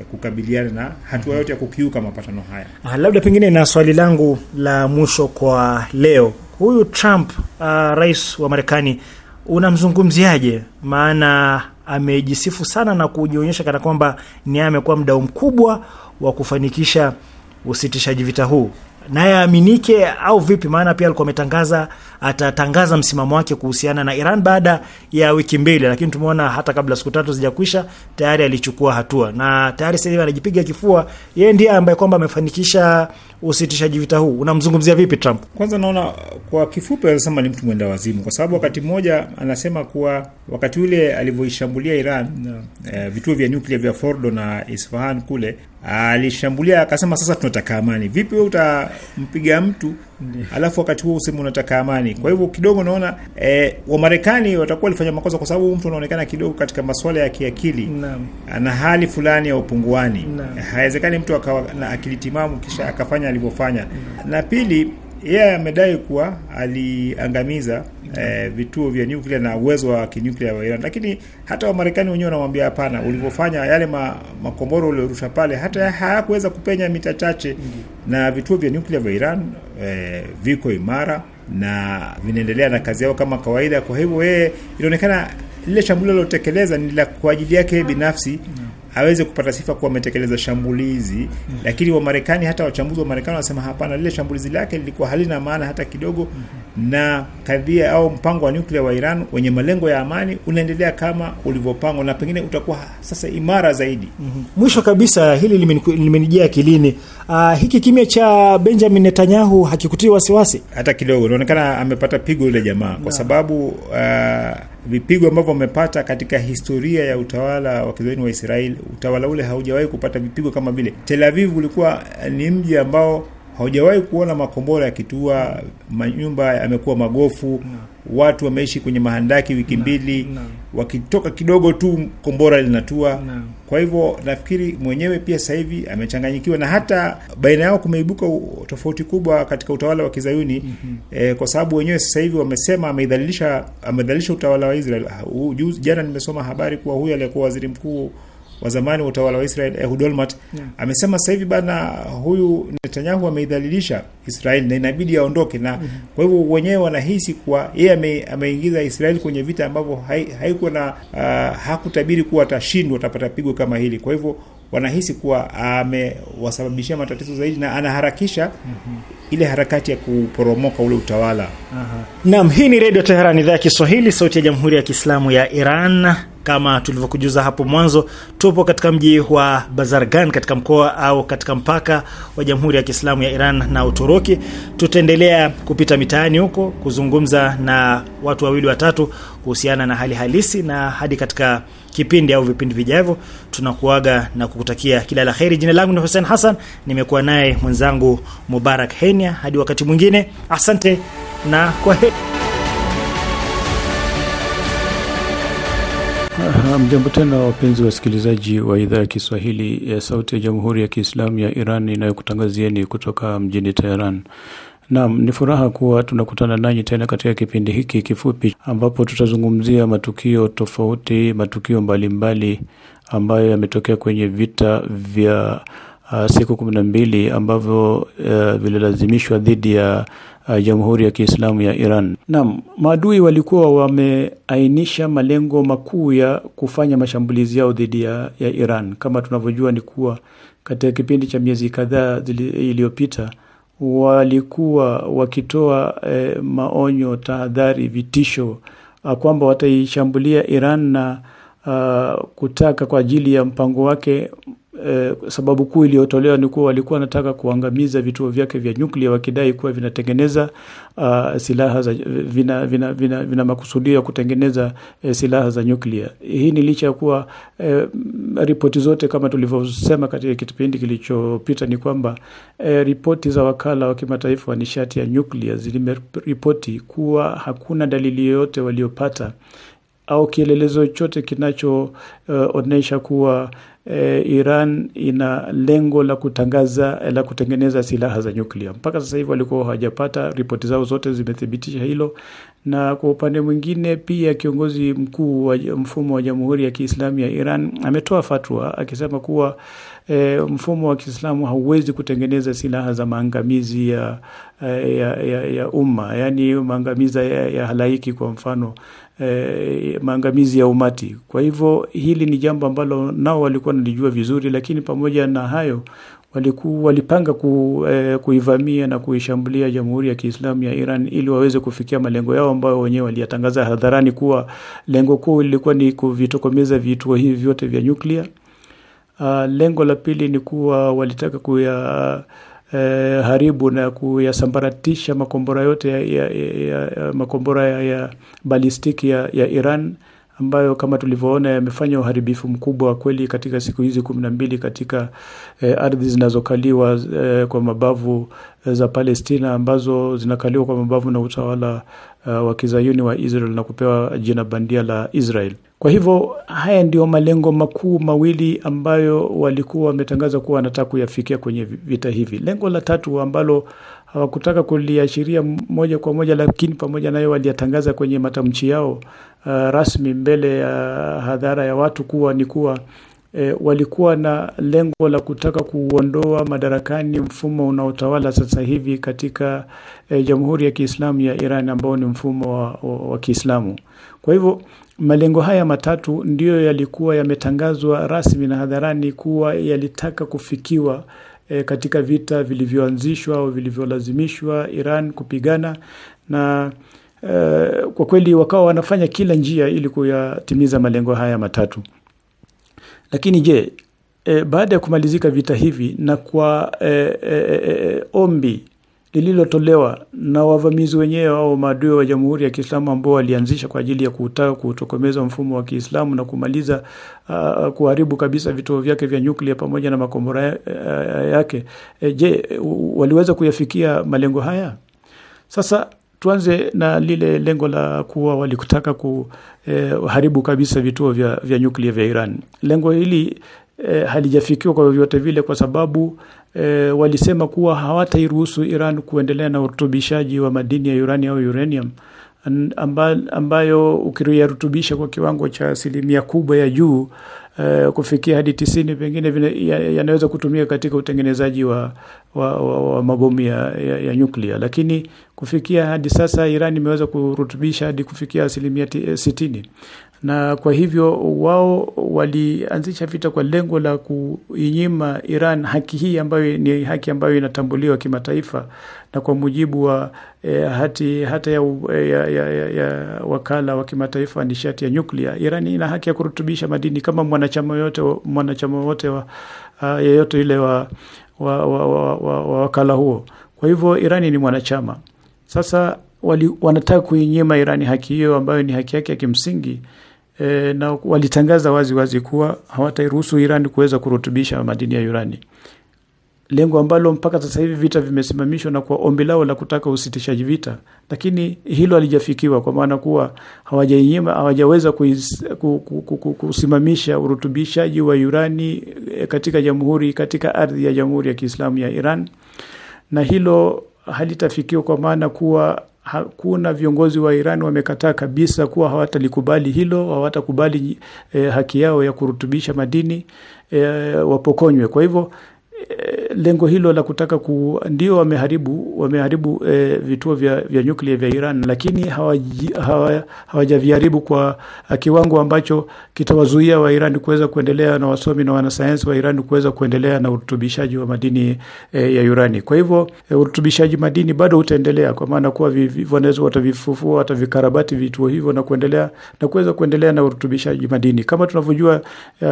e, kukabiliana na hatua mm-hmm. yote ya kukiuka mapatano haya. Ah, labda pengine na swali langu la mwisho kwa leo, huyu Trump uh, rais wa Marekani unamzungumziaje? Maana amejisifu sana na kujionyesha kana kwamba ni amekuwa mdau mkubwa wa kufanikisha usitishaji vita huu naye aaminike au vipi? Maana pia alikuwa ametangaza atatangaza msimamo wake kuhusiana na Iran baada ya wiki mbili, lakini tumeona hata kabla siku tatu zijakwisha tayari alichukua hatua, na tayari sasa hivi anajipiga kifua. Yeye ndiye ambaye kwamba amefanikisha usitishaji vita huu. Unamzungumzia vipi Trump? Kwanza naona kwa kifupi anasema ni mtu mwenda wazimu, kwa sababu wakati mmoja anasema kuwa wakati ule alivyoishambulia Iran, eh, vituo vya nyuklia vya Fordo na Isfahan kule alishambulia akasema, sasa tunataka amani. Vipi wewe utampiga mtu alafu wakati huo useme unataka amani? Kwa hivyo kidogo naona e, Wamarekani watakuwa walifanya makosa, kwa sababu mtu anaonekana kidogo katika masuala ya kiakili ana hali fulani ya upunguani. Haiwezekani mtu akawa na akili timamu kisha akafanya alivyofanya. Na pili, yeye yeah, amedai kuwa aliangamiza e, vituo vya nyuklia na uwezo wa kinyuklia wa Iran, lakini hata Wamarekani wenyewe wanamwambia hapana, ulivyofanya yale ma, makomboro uliorusha pale hata hayakuweza kupenya mita chache, na vituo vya nyuklia vya Iran e, viko imara na vinaendelea na kazi yao kama kawaida. Kwa hivyo yeye, eh, inaonekana lile shambulio lilotekeleza ni la kwa ajili yake binafsi mm aweze kupata sifa kuwa ametekeleza shambulizi mm. Lakini Wamarekani, hata wachambuzi wa Marekani wanasema hapana, lile shambulizi lake lilikuwa halina maana hata kidogo mm. Na kadhia au mpango wa nyuklia wa Iran wenye malengo ya amani unaendelea kama ulivyopangwa, na pengine utakuwa sasa imara zaidi mm -hmm. Mwisho kabisa, hili limenijia akilini. Uh, hiki kimya cha Benjamin Netanyahu hakikutii wasiwasi hata kidogo. Inaonekana amepata pigo yule jamaa kwa sababu uh, vipigo ambavyo wamepata katika historia ya utawala wa kizayuni wa Israeli, utawala ule haujawahi kupata vipigo kama vile. Tel Aviv ulikuwa eh, ni mji ambao haujawahi kuona makombora yakitua, manyumba yamekuwa magofu na. Watu wameishi kwenye mahandaki wiki na, mbili na. Wakitoka kidogo tu kombora linatua na. Kwa hivyo nafikiri mwenyewe pia sasa hivi amechanganyikiwa, na hata baina yao kumeibuka tofauti kubwa katika utawala wa Kizayuni mm -hmm. E, kwa sababu wenyewe sasa hivi wamesema amedhalilisha, amedhalilisha utawala wa Israel. Ah, jana nimesoma habari kuwa huyu aliyekuwa waziri mkuu wa zamani wa utawala wa Israel Ehud Olmert yeah. amesema sasa hivi bana, huyu Netanyahu ameidhalilisha Israel na inabidi aondoke na mm -hmm. kwa hivyo wenyewe wanahisi kuwa yeye ame, ameingiza Israel kwenye vita ambavyo haiko hai na uh, hakutabiri kuwa atashindwa, atapata pigo kama hili. Kwa hivyo wanahisi kuwa amewasababishia matatizo zaidi na anaharakisha mm -hmm. ile harakati ya kuporomoka ule utawala. Aha. Naam, hii ni Redio Teheran idhaa ya Kiswahili, sauti ya Jamhuri ya Kiislamu ya Iran. Kama tulivyokujuza hapo mwanzo, tupo katika mji wa Bazargan katika mkoa au katika mpaka wa Jamhuri ya Kiislamu ya Iran na Uturuki. Tutaendelea kupita mitaani huko kuzungumza na watu wawili watatu kuhusiana na hali halisi, na hadi katika kipindi au vipindi vijavyo, tunakuaga na kukutakia kila la kheri Jina langu ni Hussein Hassan, nimekuwa naye mwenzangu Mubarak Henia. Hadi wakati mwingine, asante na kwa heri. Mjambo tena wapenzi wasikilizaji wa idhaa ya Kiswahili ya Sauti ya Jamhuri ya Kiislamu ya Iran inayokutangazieni kutoka mjini Teheran. Naam, ni furaha kuwa tunakutana nanyi tena katika kipindi hiki kifupi ambapo tutazungumzia matukio tofauti, matukio mbalimbali mbali ambayo yametokea kwenye vita vya uh, siku kumi na mbili ambavyo uh, vililazimishwa dhidi ya uh, Jamhuri ya Kiislamu ya Iran. nam maadui walikuwa wameainisha malengo makuu ya kufanya mashambulizi yao dhidi ya, ya Iran. Kama tunavyojua ni kuwa katika kipindi cha miezi kadhaa iliyopita walikuwa wakitoa eh, maonyo, tahadhari, vitisho uh, kwamba wataishambulia Iran na uh, kutaka kwa ajili ya mpango wake Eh, sababu kuu iliyotolewa ni kuwa walikuwa wanataka kuangamiza vituo vyake vya nyuklia wakidai kuwa vinatengeneza uh, silaha za vina, vina, vina, vina makusudio ya kutengeneza eh, silaha za nyuklia. Hii ni licha ya kuwa eh, ripoti zote kama tulivyosema katika kipindi kilichopita ni kwamba eh, ripoti za wakala wa kimataifa wa nishati ya nyuklia zimeripoti kuwa hakuna dalili yoyote waliopata au kielelezo chote kinachoonyesha eh, uh, kuwa uh, Iran ina lengo la kutangaza eh, la kutengeneza silaha za nyuklia. Mpaka sasa hivi walikuwa hawajapata, ripoti zao zote zimethibitisha hilo, na kwa upande mwingine pia kiongozi mkuu wa mfumo wa Jamhuri ya Kiislamu ya Iran ametoa fatwa akisema kuwa e, mfumo wa Kiislamu hauwezi kutengeneza silaha za maangamizi ya, eh, ya, ya, ya umma, yaani maangamizi ya, ya halaiki, kwa mfano e, maangamizi ya umati. Kwa hivyo hili ni jambo ambalo nao walikuwa nalijua vizuri, lakini pamoja na hayo waliku, walipanga ku, eh, kuivamia na kuishambulia Jamhuri ya Kiislamu ya Iran ili waweze kufikia malengo yao ambayo wenyewe waliyatangaza hadharani kuwa lengo kuu lilikuwa ni kuvitokomeza vituo hivi vyote vya nyuklia. Uh, lengo la pili ni kuwa walitaka kuya eh, haribu na kuyasambaratisha makombora yote ya, ya, ya, ya, makombora ya, ya balistiki ya, ya Iran ambayo kama tulivyoona yamefanya uharibifu mkubwa wa kweli katika siku hizi kumi na mbili katika eh, ardhi zinazokaliwa eh, kwa mabavu eh, za Palestina ambazo zinakaliwa kwa mabavu na utawala uh, wa kizayuni wa Israel na kupewa jina bandia la Israel. Kwa hivyo haya ndio malengo makuu mawili ambayo walikuwa wametangaza kuwa wanataka kuyafikia kwenye vita hivi. Lengo la tatu ambalo hawakutaka kuliashiria moja kwa moja, lakini pamoja nayo waliyatangaza kwenye matamshi yao uh, rasmi mbele ya uh, hadhara ya watu kuwa ni kuwa E, walikuwa na lengo la kutaka kuondoa madarakani mfumo unaotawala sasa hivi katika e, Jamhuri ya Kiislamu ya Iran ambao ni mfumo wa, wa, wa Kiislamu. Kwa hivyo Malengo haya matatu ndiyo yalikuwa yametangazwa rasmi na hadharani kuwa yalitaka kufikiwa e, katika vita vilivyoanzishwa au vilivyolazimishwa Iran kupigana na e, kwa kweli wakawa wanafanya kila njia ili kuyatimiza malengo haya matatu. Lakini je, e, baada ya kumalizika vita hivi na kwa e, e, e, e ombi lililotolewa na wavamizi wenyewe au maadui wa Jamhuri ya Kiislamu ambao walianzisha kwa ajili ya kutaka kutokomeza mfumo wa Kiislamu na kumaliza uh, kuharibu kabisa vituo vyake vya nyuklia pamoja na makombora uh, yake. E, je, waliweza kuyafikia malengo haya? Sasa tuanze na lile lengo la kuwa walikutaka kuharibu e, kabisa vituo vya, vya nyuklia vya Iran. Lengo hili e, halijafikiwa kwa vyovyote vile kwa sababu e, walisema kuwa hawatairuhusu Iran kuendelea na urutubishaji wa madini ya urani au uranium ambayo ukiyarutubisha kwa kiwango cha asilimia kubwa ya juu e, kufikia hadi tisini pengine yanaweza ya kutumika katika utengenezaji wa, wa, wa, wa mabomu ya, ya, ya nyuklia, lakini kufikia hadi sasa Iran imeweza kurutubisha hadi kufikia asilimia e, sitini na kwa hivyo wao walianzisha vita kwa lengo la kuinyima Iran haki hii ambayo ni haki ambayo inatambuliwa kimataifa na kwa mujibu wa eh, hati, hata ya, ya, ya, ya, ya wakala wa kimataifa nishati ya nyuklia, Iran ina haki ya kurutubisha madini kama mwanachama yote mwanachama wote wa ah, yeyote ile wa, wa, wa, wa, wa, wa wakala huo. Kwa hivyo Irani ni mwanachama sasa wali, wanataka kuinyima Irani haki hiyo ambayo ni haki yake ya kimsingi e, na walitangaza wazi wazi kuwa hawatairuhusu Iran kuweza kurutubisha madini ya urani, lengo ambalo mpaka sasa hivi vita vimesimamishwa na kwa ombi lao la kutaka usitishaji vita, lakini hilo halijafikiwa kwa maana kuwa hawajanyima hawajaweza kusimamisha urutubishaji wa urani e, katika jamhuri, katika ardhi ya Jamhuri ya Kiislamu ya Iran, na hilo halitafikiwa kwa maana kuwa hakuna viongozi wa Iran wamekataa kabisa kuwa hawatalikubali hilo, hawatakubali eh, haki yao ya kurutubisha madini eh, wapokonywe. Kwa hivyo lengo hilo la kutaka ku ndio wameharibu wameharibu e, vituo vya, vya nyuklia vya Iran, lakini hawajaviharibu hawa, kwa kiwango ambacho kitawazuia wa Iran kuweza kuendelea na wasomi na wanasayansi wa Iran kuweza kuendelea na urutubishaji wa madini e, ya urani. Kwa hivyo e, urutubishaji madini bado utaendelea, kwa maana kuwa wanaweza watavifufua watavikarabati vituo hivyo na kuendelea na kuweza kuendelea na urutubishaji madini. Kama tunavyojua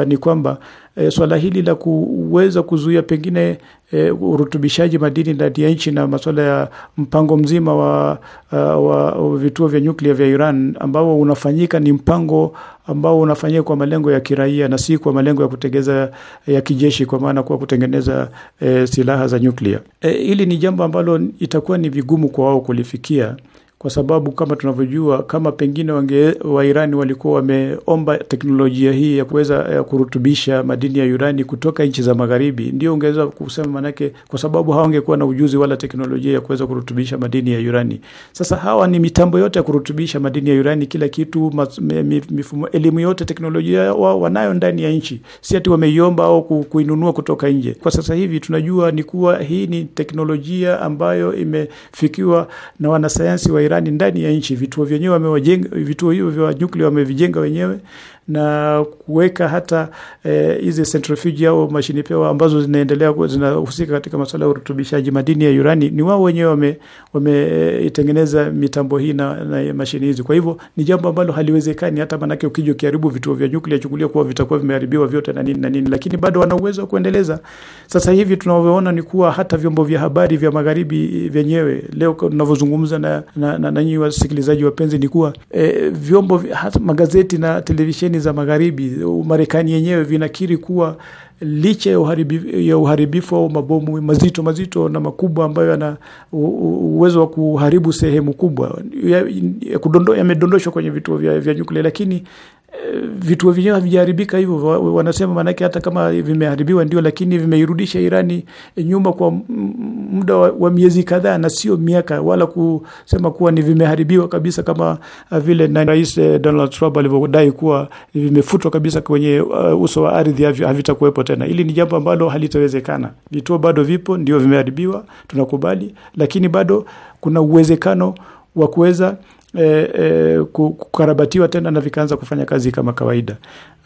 ni kwamba e, swala hili la kuweza kuzuia pengine e, urutubishaji madini ndani ya nchi na maswala ya mpango mzima wa, eh, wa, wa vituo vya nyuklia vya Iran ambao unafanyika ni mpango ambao unafanyika kwa malengo ya kiraia na si kwa malengo ya kutengeza ya kijeshi, kwa maana kuwa kutengeneza e, silaha za nyuklia. Hili e, ni jambo ambalo itakuwa ni vigumu kwa wao kulifikia kwa sababu kama tunavyojua kama pengine wange wa Irani walikuwa wameomba teknolojia hii ya kuweza kurutubisha madini ya urani kutoka nchi za magharibi, ndio ungeweza kusema manake, kwa sababu hawangekuwa na ujuzi wala teknolojia ya kuweza kurutubisha madini ya urani. Sasa hawa ni mitambo yote ya kurutubisha madini ya urani, kila kitu, mifumo, elimu yote, teknolojia wa, wanayo ndani ya nchi, si ati wameiomba au ku, kuinunua kutoka nje. Kwa sasa hivi tunajua ni kuwa hii ni teknolojia ambayo imefikiwa na wanasayansi wa Irani ndani ya nchi. Vituo vyenyewe wamewajenga, vituo hivyo vya nyuklia wamevijenga wenyewe na kuweka hata eh, hizi e, centrifuge au mashini pewa ambazo zinaendelea zinahusika katika masuala ya urutubishaji madini ya urani, ni wao wenyewe wame wameitengeneza eh, mitambo hii na, na mashini hizi. Kwa hivyo ni jambo ambalo haliwezekani, hata maanake ukija ukiharibu vituo vya nyuklia, chukulia kuwa vitakuwa vimeharibiwa vyote na nini na nini, lakini bado wana uwezo wa kuendeleza. Sasa hivi tunavyoona ni kuwa hata vyombo vya habari vya magharibi eh, vyenyewe leo tunavyozungumza na, na, na, na, na nyinyi wasikilizaji wapenzi, ni kuwa e, vyombo hata magazeti na televisheni Marekani za magharibi, Marekani yenyewe vinakiri kuwa licha ya, uharibi, ya uharibifu au mabomu mazito mazito na makubwa ambayo yana uwezo wa kuharibu sehemu kubwa yamedondoshwa ya kwenye vituo vya, vya nyuklia, lakini vituo vyenyewe havijaharibika hivyo, wanasema maanake, hata kama vimeharibiwa ndio, lakini vimeirudisha Irani nyuma kwa muda wa, wa miezi kadhaa na sio miaka, wala kusema kuwa ni vimeharibiwa kabisa kama vile na Rais eh, Donald Trump alivyodai kuwa vimefutwa kabisa kwenye uh, uso wa ardhi, havitakuwepo tena. Hili ni jambo ambalo halitawezekana. Vituo bado vipo, ndio vimeharibiwa, tunakubali, lakini bado kuna uwezekano wa kuweza e, e, kukarabatiwa tena na vikaanza kufanya kazi kama kawaida.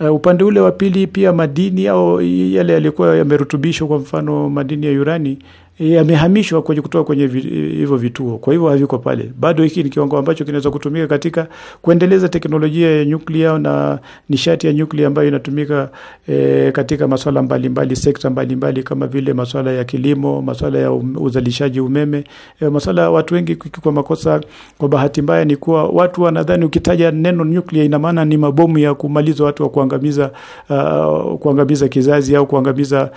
E, upande ule wa pili pia madini au yale yalikuwa yamerutubishwa, kwa mfano madini ya urani E, yamehamishwa kwenye kutoka kwenye hivyo vituo, kwa hivyo haviko pale bado. Hiki ni kiwango ambacho kinaweza kutumika katika kuendeleza teknolojia ya nyuklia na nishati ya nyuklia ambayo inatumika e, katika maswala mbalimbali, sekta mbalimbali kama vile maswala ya kilimo, maswala ya um, uzalishaji umeme, e, maswala watu wengi kwa makosa, kwa bahati mbaya ni kuwa watu wanadhani ukitaja neno nyuklia ina maana ni mabomu ya kumaliza watu wa kuangamiza, uh, kuangamiza kizazi au kuangamiza,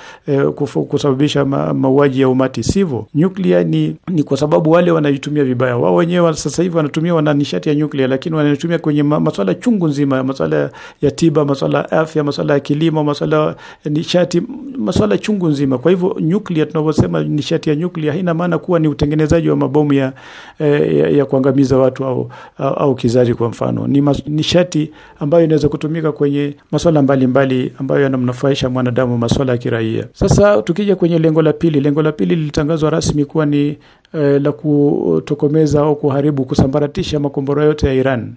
uh, kusababisha mauaji ya umati nishati, sivyo? Nyuklia ni, ni kwa sababu wale wanaitumia vibaya. Wao wenyewe sasa hivi wanatumia wana nishati ya nyuklia, lakini wanaitumia kwenye maswala chungu nzima, maswala ya tiba, maswala ya afya, maswala ya kilimo, maswala ya nishati, maswala chungu nzima. Kwa hivyo nyuklia, tunavyosema nishati ya nyuklia haina maana kuwa ni utengenezaji wa mabomu ya, eh, ya, ya kuangamiza watu au, au, au kizazi. Kwa mfano ni mas, nishati ambayo inaweza kutumika kwenye maswala mbalimbali ambayo yanamnufaisha mwanadamu, maswala ya kiraia. Sasa tukija kwenye lengo la pili, lengo la pili lilitangazwa rasmi kuwa ni eh, la kutokomeza au kuharibu, kusambaratisha makombora yote ya Iran.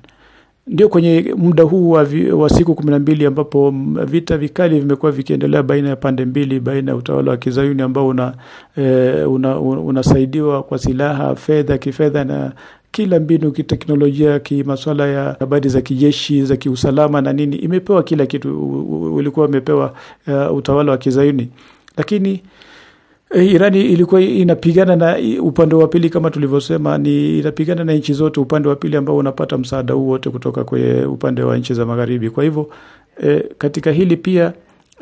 Ndio kwenye muda huu wa, vi, wa siku kumi na mbili ambapo mm, vita vikali vimekuwa vikiendelea baina ya pande mbili, baina ya utawala wa kizayuni ambao una, e, una, unasaidiwa kwa silaha, fedha, kifedha na kila mbinu kiteknolojia, kimaswala ya habari za kijeshi, za kiusalama na nini, imepewa kila kitu, ulikuwa umepewa uh, utawala wa kizayuni, lakini Eh, Irani ilikuwa inapigana na upande wa pili kama tulivyosema, ni inapigana na nchi zote upande wa pili ambao unapata msaada huu wote kutoka kwenye upande wa nchi za magharibi. Kwa hivyo e, katika hili pia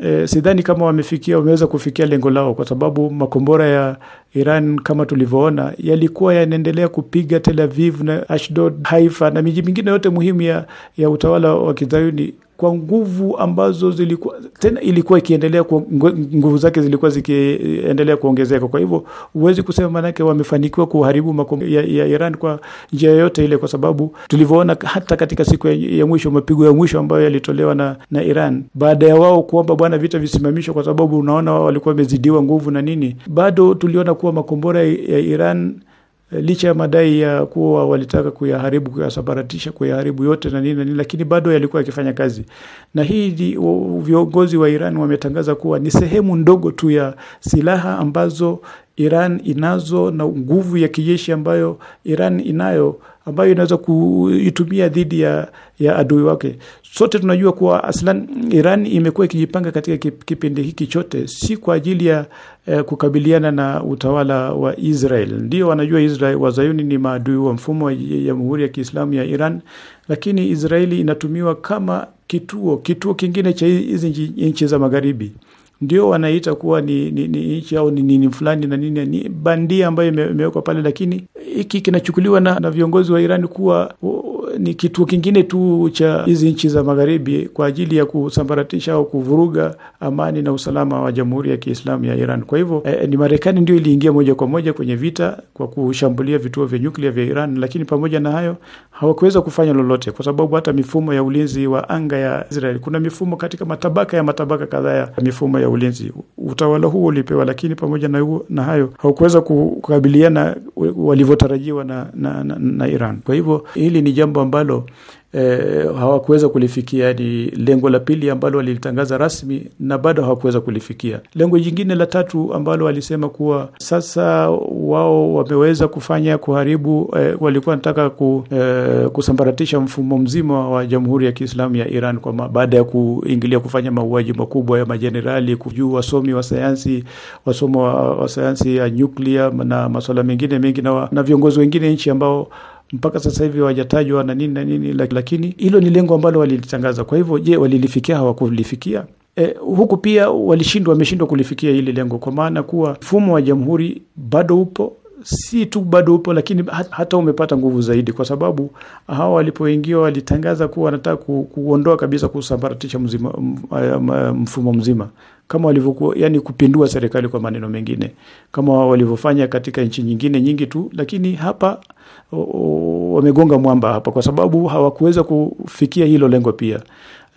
e, sidhani kama wamefikia wameweza kufikia lengo lao, kwa sababu makombora ya Iran kama tulivyoona yalikuwa yanaendelea kupiga Tel Aviv na Ashdod, Haifa na miji mingine yote muhimu ya, ya utawala wa Kizayuni kwa nguvu ambazo zilikuwa tena ilikuwa ikiendelea nguvu zake zilikuwa zikiendelea kuongezeka. Kwa hivyo huwezi kusema maanake wamefanikiwa kuharibu makombora ya, ya Iran kwa njia yoyote ile, kwa sababu tulivyoona hata katika siku ya, ya mwisho mapigo ya mwisho ambayo yalitolewa na, na Iran baada ya wao kuomba bwana vita visimamishwe, kwa sababu unaona wao walikuwa wamezidiwa nguvu na nini, bado tuliona kuwa makombora ya Iran Eh, licha ya madai ya kuwa walitaka kuyaharibu, kuyasabaratisha kuyaharibu yote na nini na nini, lakini bado yalikuwa yakifanya kazi. Na hii viongozi wa Iran wametangaza kuwa ni sehemu ndogo tu ya silaha ambazo Iran inazo na nguvu ya kijeshi ambayo Iran inayo ambayo inaweza kuitumia dhidi ya, ya adui wake. Sote tunajua kuwa aslan Iran imekuwa ikijipanga katika kipindi hiki chote, si kwa ajili ya eh, kukabiliana na utawala wa Israel. Ndio wanajua Israel, wazayuni ni maadui wa mfumo wa jamhuri ya Kiislamu ya Iran, lakini Israeli inatumiwa kama kituo kituo kingine cha hizi nchi za magharibi ndio wanaita kuwa ni, ni, ni nchi au ni nini fulani na nini ni bandia ambayo imewekwa pale, lakini hiki kinachukuliwa na, na viongozi wa Iran kuwa o, ni kituo kingine tu cha hizi nchi za magharibi kwa ajili ya kusambaratisha au kuvuruga amani na usalama wa Jamhuri ya Kiislamu ya Iran. Kwa hivyo eh, ni Marekani ndio iliingia moja kwa moja kwenye vita kwa kushambulia vituo vya nyuklia vya Iran, lakini pamoja na hayo hawakuweza kufanya lolote, kwa sababu hata mifumo ya ulinzi wa anga ya Israel, kuna mifumo katika matabaka ya matabaka kadhaa ya mifumo ya ya ulinzi. Utawala huo ulipewa, lakini pamoja na, huo, na hayo haukuweza kukabiliana walivyotarajiwa na, na, na, na Iran. Kwa hivyo hili ni jambo ambalo eh, hawakuweza kulifikia. Ni lengo la pili ambalo walilitangaza rasmi na bado hawakuweza kulifikia. Lengo jingine la tatu ambalo walisema kuwa sasa wao wameweza kufanya kuharibu, eh, walikuwa wanataka ku, eh, kusambaratisha mfumo mzima wa Jamhuri ya Kiislamu ya Iran kwa baada ya kuingilia kufanya mauaji makubwa ya majenerali kujuu wasomi wa sayansi wasomo wa, wa sayansi ya nyuklia na masuala mengine mengi na, na viongozi wengine nchi ambao mpaka sasa hivi hawajatajwa na nini na nini, lakini hilo ni lengo ambalo walilitangaza. Kwa hivyo, je, walilifikia? Hawakulifikia. E, huku pia walishindwa, wameshindwa kulifikia hili lengo, kwa maana kuwa mfumo wa jamhuri bado upo si tu bado upo, lakini hata umepata nguvu zaidi, kwa sababu hawa walipoingia walitangaza kuwa wanataka ku, kuondoa kabisa, kusambaratisha mzima, mfumo mzima kama walivyokuwa, yani kupindua serikali kwa maneno mengine, kama walivyofanya katika nchi nyingine nyingi tu, lakini hapa wamegonga mwamba hapa, kwa sababu hawakuweza kufikia hilo lengo pia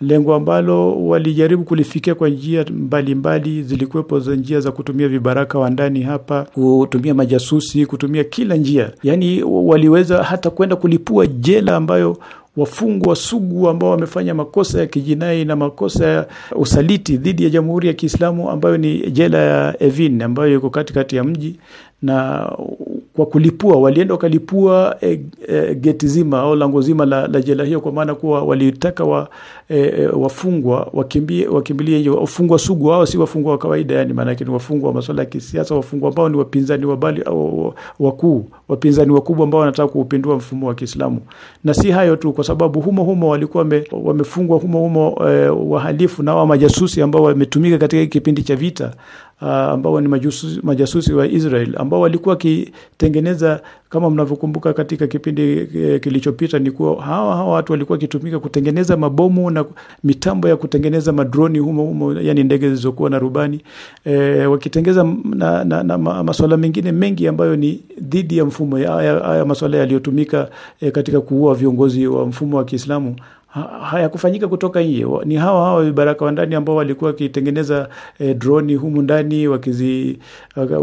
lengo ambalo walijaribu kulifikia kwa njia mbalimbali, zilikuwepo za njia za kutumia vibaraka wa ndani hapa, kutumia majasusi, kutumia kila njia. Yani waliweza hata kwenda kulipua jela ambayo wafungwa sugu ambao wamefanya makosa ya kijinai na makosa ya usaliti dhidi ya Jamhuri ya Kiislamu ambayo ni jela ya Evin ambayo iko katikati ya mji na kwa kulipua walienda wakalipua e, e, geti zima au lango zima la, la jela hiyo, kwa maana kuwa walitaka wa, e, wafungwa wakimbilie nje, wafungwa sugu hao, si wafungwa wa kawaida, yani maanake ni wafungwa wa masuala ya kisiasa, wafungwa ambao ni wapinzani wabali au wakuu, wapinzani wakubwa ambao wanataka kuupindua mfumo wa Kiislamu. Na si hayo tu, kwa sababu humo humo walikuwa me, wamefungwa humo humo e, wahalifu na wa majasusi ambao wametumika katika kipindi cha vita Uh, ambao ni majususi, majasusi wa Israel ambao walikuwa wakitengeneza kama mnavyokumbuka katika kipindi eh, kilichopita ni kuwa hawa hawa watu walikuwa wakitumika kutengeneza mabomu na mitambo ya kutengeneza madroni humo humo, yani ndege zilizokuwa na rubani eh, wakitengeza na, na, na masuala mengine mengi ambayo ni dhidi ya mfumo haya ya, ya masuala yaliyotumika eh, katika kuua viongozi wa mfumo wa Kiislamu hayakufanyika kutoka nje. Ni hawa hawa vibaraka wa ndani ambao walikuwa wakitengeneza e, droni humu ndani wakizi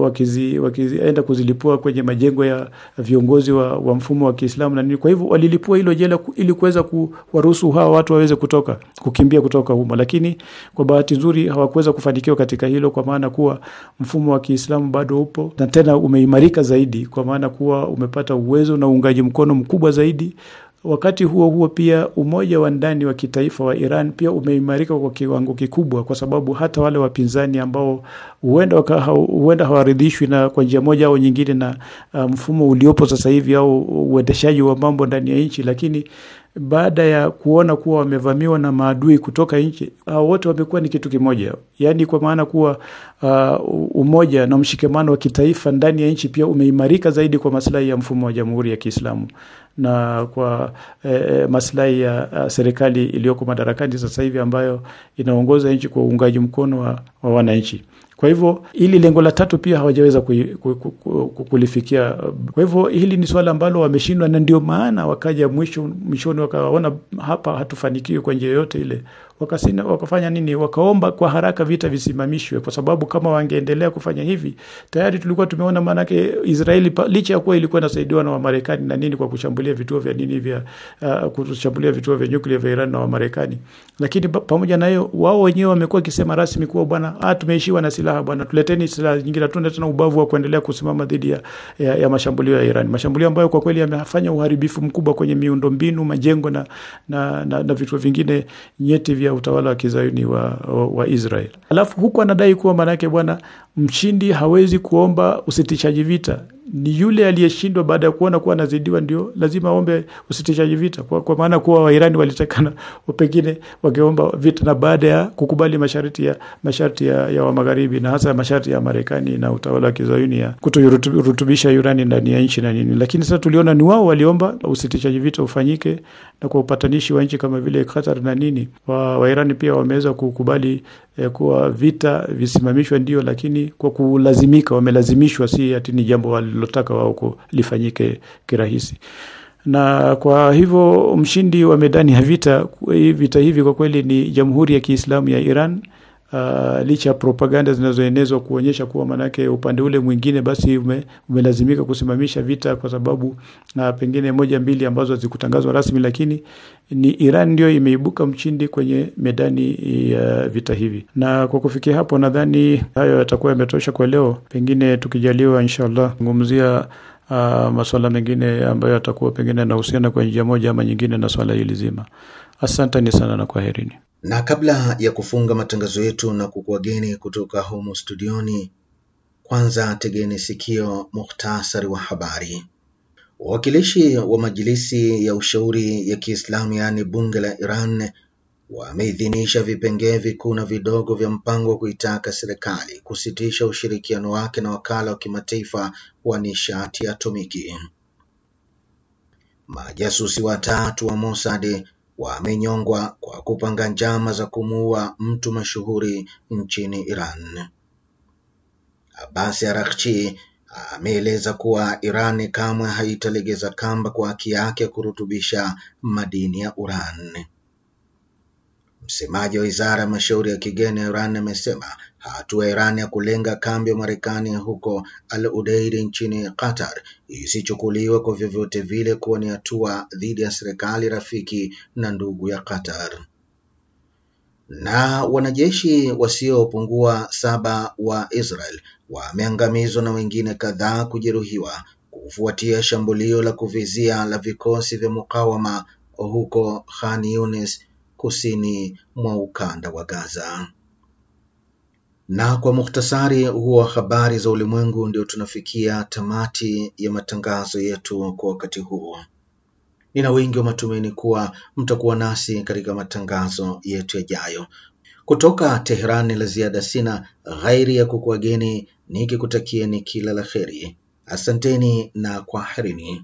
wakizi wakienda kuzilipua kwenye majengo ya viongozi wa, wa mfumo wa Kiislamu na nini. Kwa hivyo walilipua hilo jela ili kuweza kuwaruhusu hawa watu waweze kutoka kukimbia kutoka humo, lakini kwa bahati nzuri hawakuweza kufanikiwa katika hilo, kwa maana kuwa mfumo wa Kiislamu bado upo na tena umeimarika zaidi, kwa maana kuwa umepata uwezo na uungaji mkono mkubwa zaidi Wakati huo huo pia umoja wa ndani wa kitaifa wa Iran pia umeimarika kwa kiwango kikubwa, kwa sababu hata wale wapinzani ambao huenda huenda hawaridhishwi na kwa njia moja au nyingine na uh, mfumo um, uliopo sasa hivi au uendeshaji wa mambo ndani ya nchi, lakini baada ya kuona kuwa wamevamiwa na maadui kutoka nchi, hao wote wamekuwa ni kitu kimoja, yaani kwa maana kuwa uh, umoja na mshikamano wa kitaifa ndani ya nchi pia umeimarika zaidi kwa maslahi ya mfumo wa Jamhuri ya Kiislamu na kwa e, maslahi ya serikali iliyoko madarakani sasa hivi ambayo inaongoza nchi kwa uungaji mkono wa, wa wananchi. Kwa hivyo hili lengo la tatu pia hawajaweza kulifikia. Kwa hivyo hili ni suala ambalo wameshindwa, na ndio maana wakaja mwisho mwishoni wakaona hapa hatufanikiwi kwa njia yoyote ile wakasina, wakafanya nini? Wakaomba kwa haraka vita visimamishwe, kwa sababu kama wangeendelea kufanya hivi tayari tulikuwa tumeona, maanake Israeli licha ya kuwa ilikuwa inasaidiwa na Wamarekani na nini kwa kushambulia vituo vya nini vya uh, kushambulia vituo vya nyuklia vya Iran na Wamarekani, lakini pamoja na hiyo wao wenyewe wamekuwa wakisema rasmi kuwa bwana, ah, tumeishiwa na silaha bwana, tuleteni silaha nyingine, hatuna tena ubavu wa kuendelea kusimama dhidi ya, ya, ya mashambulio ya Iran, mashambulio ambayo kwa kweli yamefanya uharibifu mkubwa kwenye miundombinu, majengo na, na, na, na vituo vingine nyeti vya ya utawala wa kizayuni wa, wa, wa Israel. Alafu huku anadai kuwa maanake bwana mshindi hawezi kuomba usitishaji vita ni yule aliyeshindwa baada ya kuona kuwa anazidiwa ndio lazima aombe usitishaji vita kwa, kwa maana kuwa Wairani walitakana pengine wakiomba vita na baada ya kukubali masharti ya masharti ya, ya wa magharibi na hasa masharti ya Marekani na utawala wa kizayuni ya kutorutubisha urani ndani ya nchi na nini, lakini sasa tuliona ni wao waliomba usitishaji vita ufanyike na kwa upatanishi wa nchi kama vile Qatar na nini, wa pia wameweza kukubali eh, kuwa vita visimamishwe ndio, lakini kwa kulazimika, wamelazimishwa si ati ni jambo wali walilotaka wao lifanyike kirahisi na kwa hivyo mshindi wa medani ya vita vita hivi kwa kweli ni Jamhuri ya Kiislamu ya Iran uh, licha ya propaganda zinazoenezwa kuonyesha kuwa manake upande ule mwingine basi ume, umelazimika kusimamisha vita kwa sababu uh, pengine moja mbili ambazo hazikutangazwa rasmi, lakini ni Iran ndio imeibuka mshindi kwenye medani ya uh, vita hivi. Na kwa kufikia hapo, nadhani hayo yatakuwa yametosha kwa leo. Pengine tukijaliwa, inshallah zungumzia uh, masuala mengine ambayo yatakuwa pengine yanahusiana kwa njia moja ama nyingine na swala hili zima. Asanteni sana na kwaherini. Na kabla ya kufunga matangazo yetu na kukuwageni kutoka homo studioni, kwanza tegeni sikio muhtasari wa habari. Wawakilishi wa majilisi ya ushauri ya Kiislamu yaani bunge la Iran wameidhinisha vipengee vikuu na vidogo vya mpango wa kuitaka serikali kusitisha ushirikiano wake na wakala wa kimataifa wa nishati atomiki. Majasusi watatu wa Mossad wamenyongwa kwa kupanga njama za kumuua mtu mashuhuri nchini Iran. Abbas arakchi ameeleza kuwa Iran kamwe haitalegeza kamba kwa haki yake ya kurutubisha madini ya uran Msemaji wa Wizara ya Mashauri ya Kigeni ya Iran amesema Hatua ya Iran ya kulenga kambi ya Marekani huko Al Udeid nchini Qatar isichukuliwe kwa vyovyote vile kuwa ni hatua dhidi ya serikali rafiki na ndugu ya Qatar. Na wanajeshi wasiopungua saba wa Israel wameangamizwa na wengine kadhaa kujeruhiwa kufuatia shambulio la kuvizia la vikosi vya mukawama huko Khan Yunis kusini mwa ukanda wa Gaza. Na kwa muhtasari huo wa habari za ulimwengu, ndio tunafikia tamati ya matangazo yetu kwa wakati huu. Nina wingi wa matumaini kuwa mtakuwa nasi katika matangazo yetu yajayo. Kutoka Teherani la ziada sina ghairi ya kukuageni nikikutakieni kila la kheri. Asanteni na kwaherini.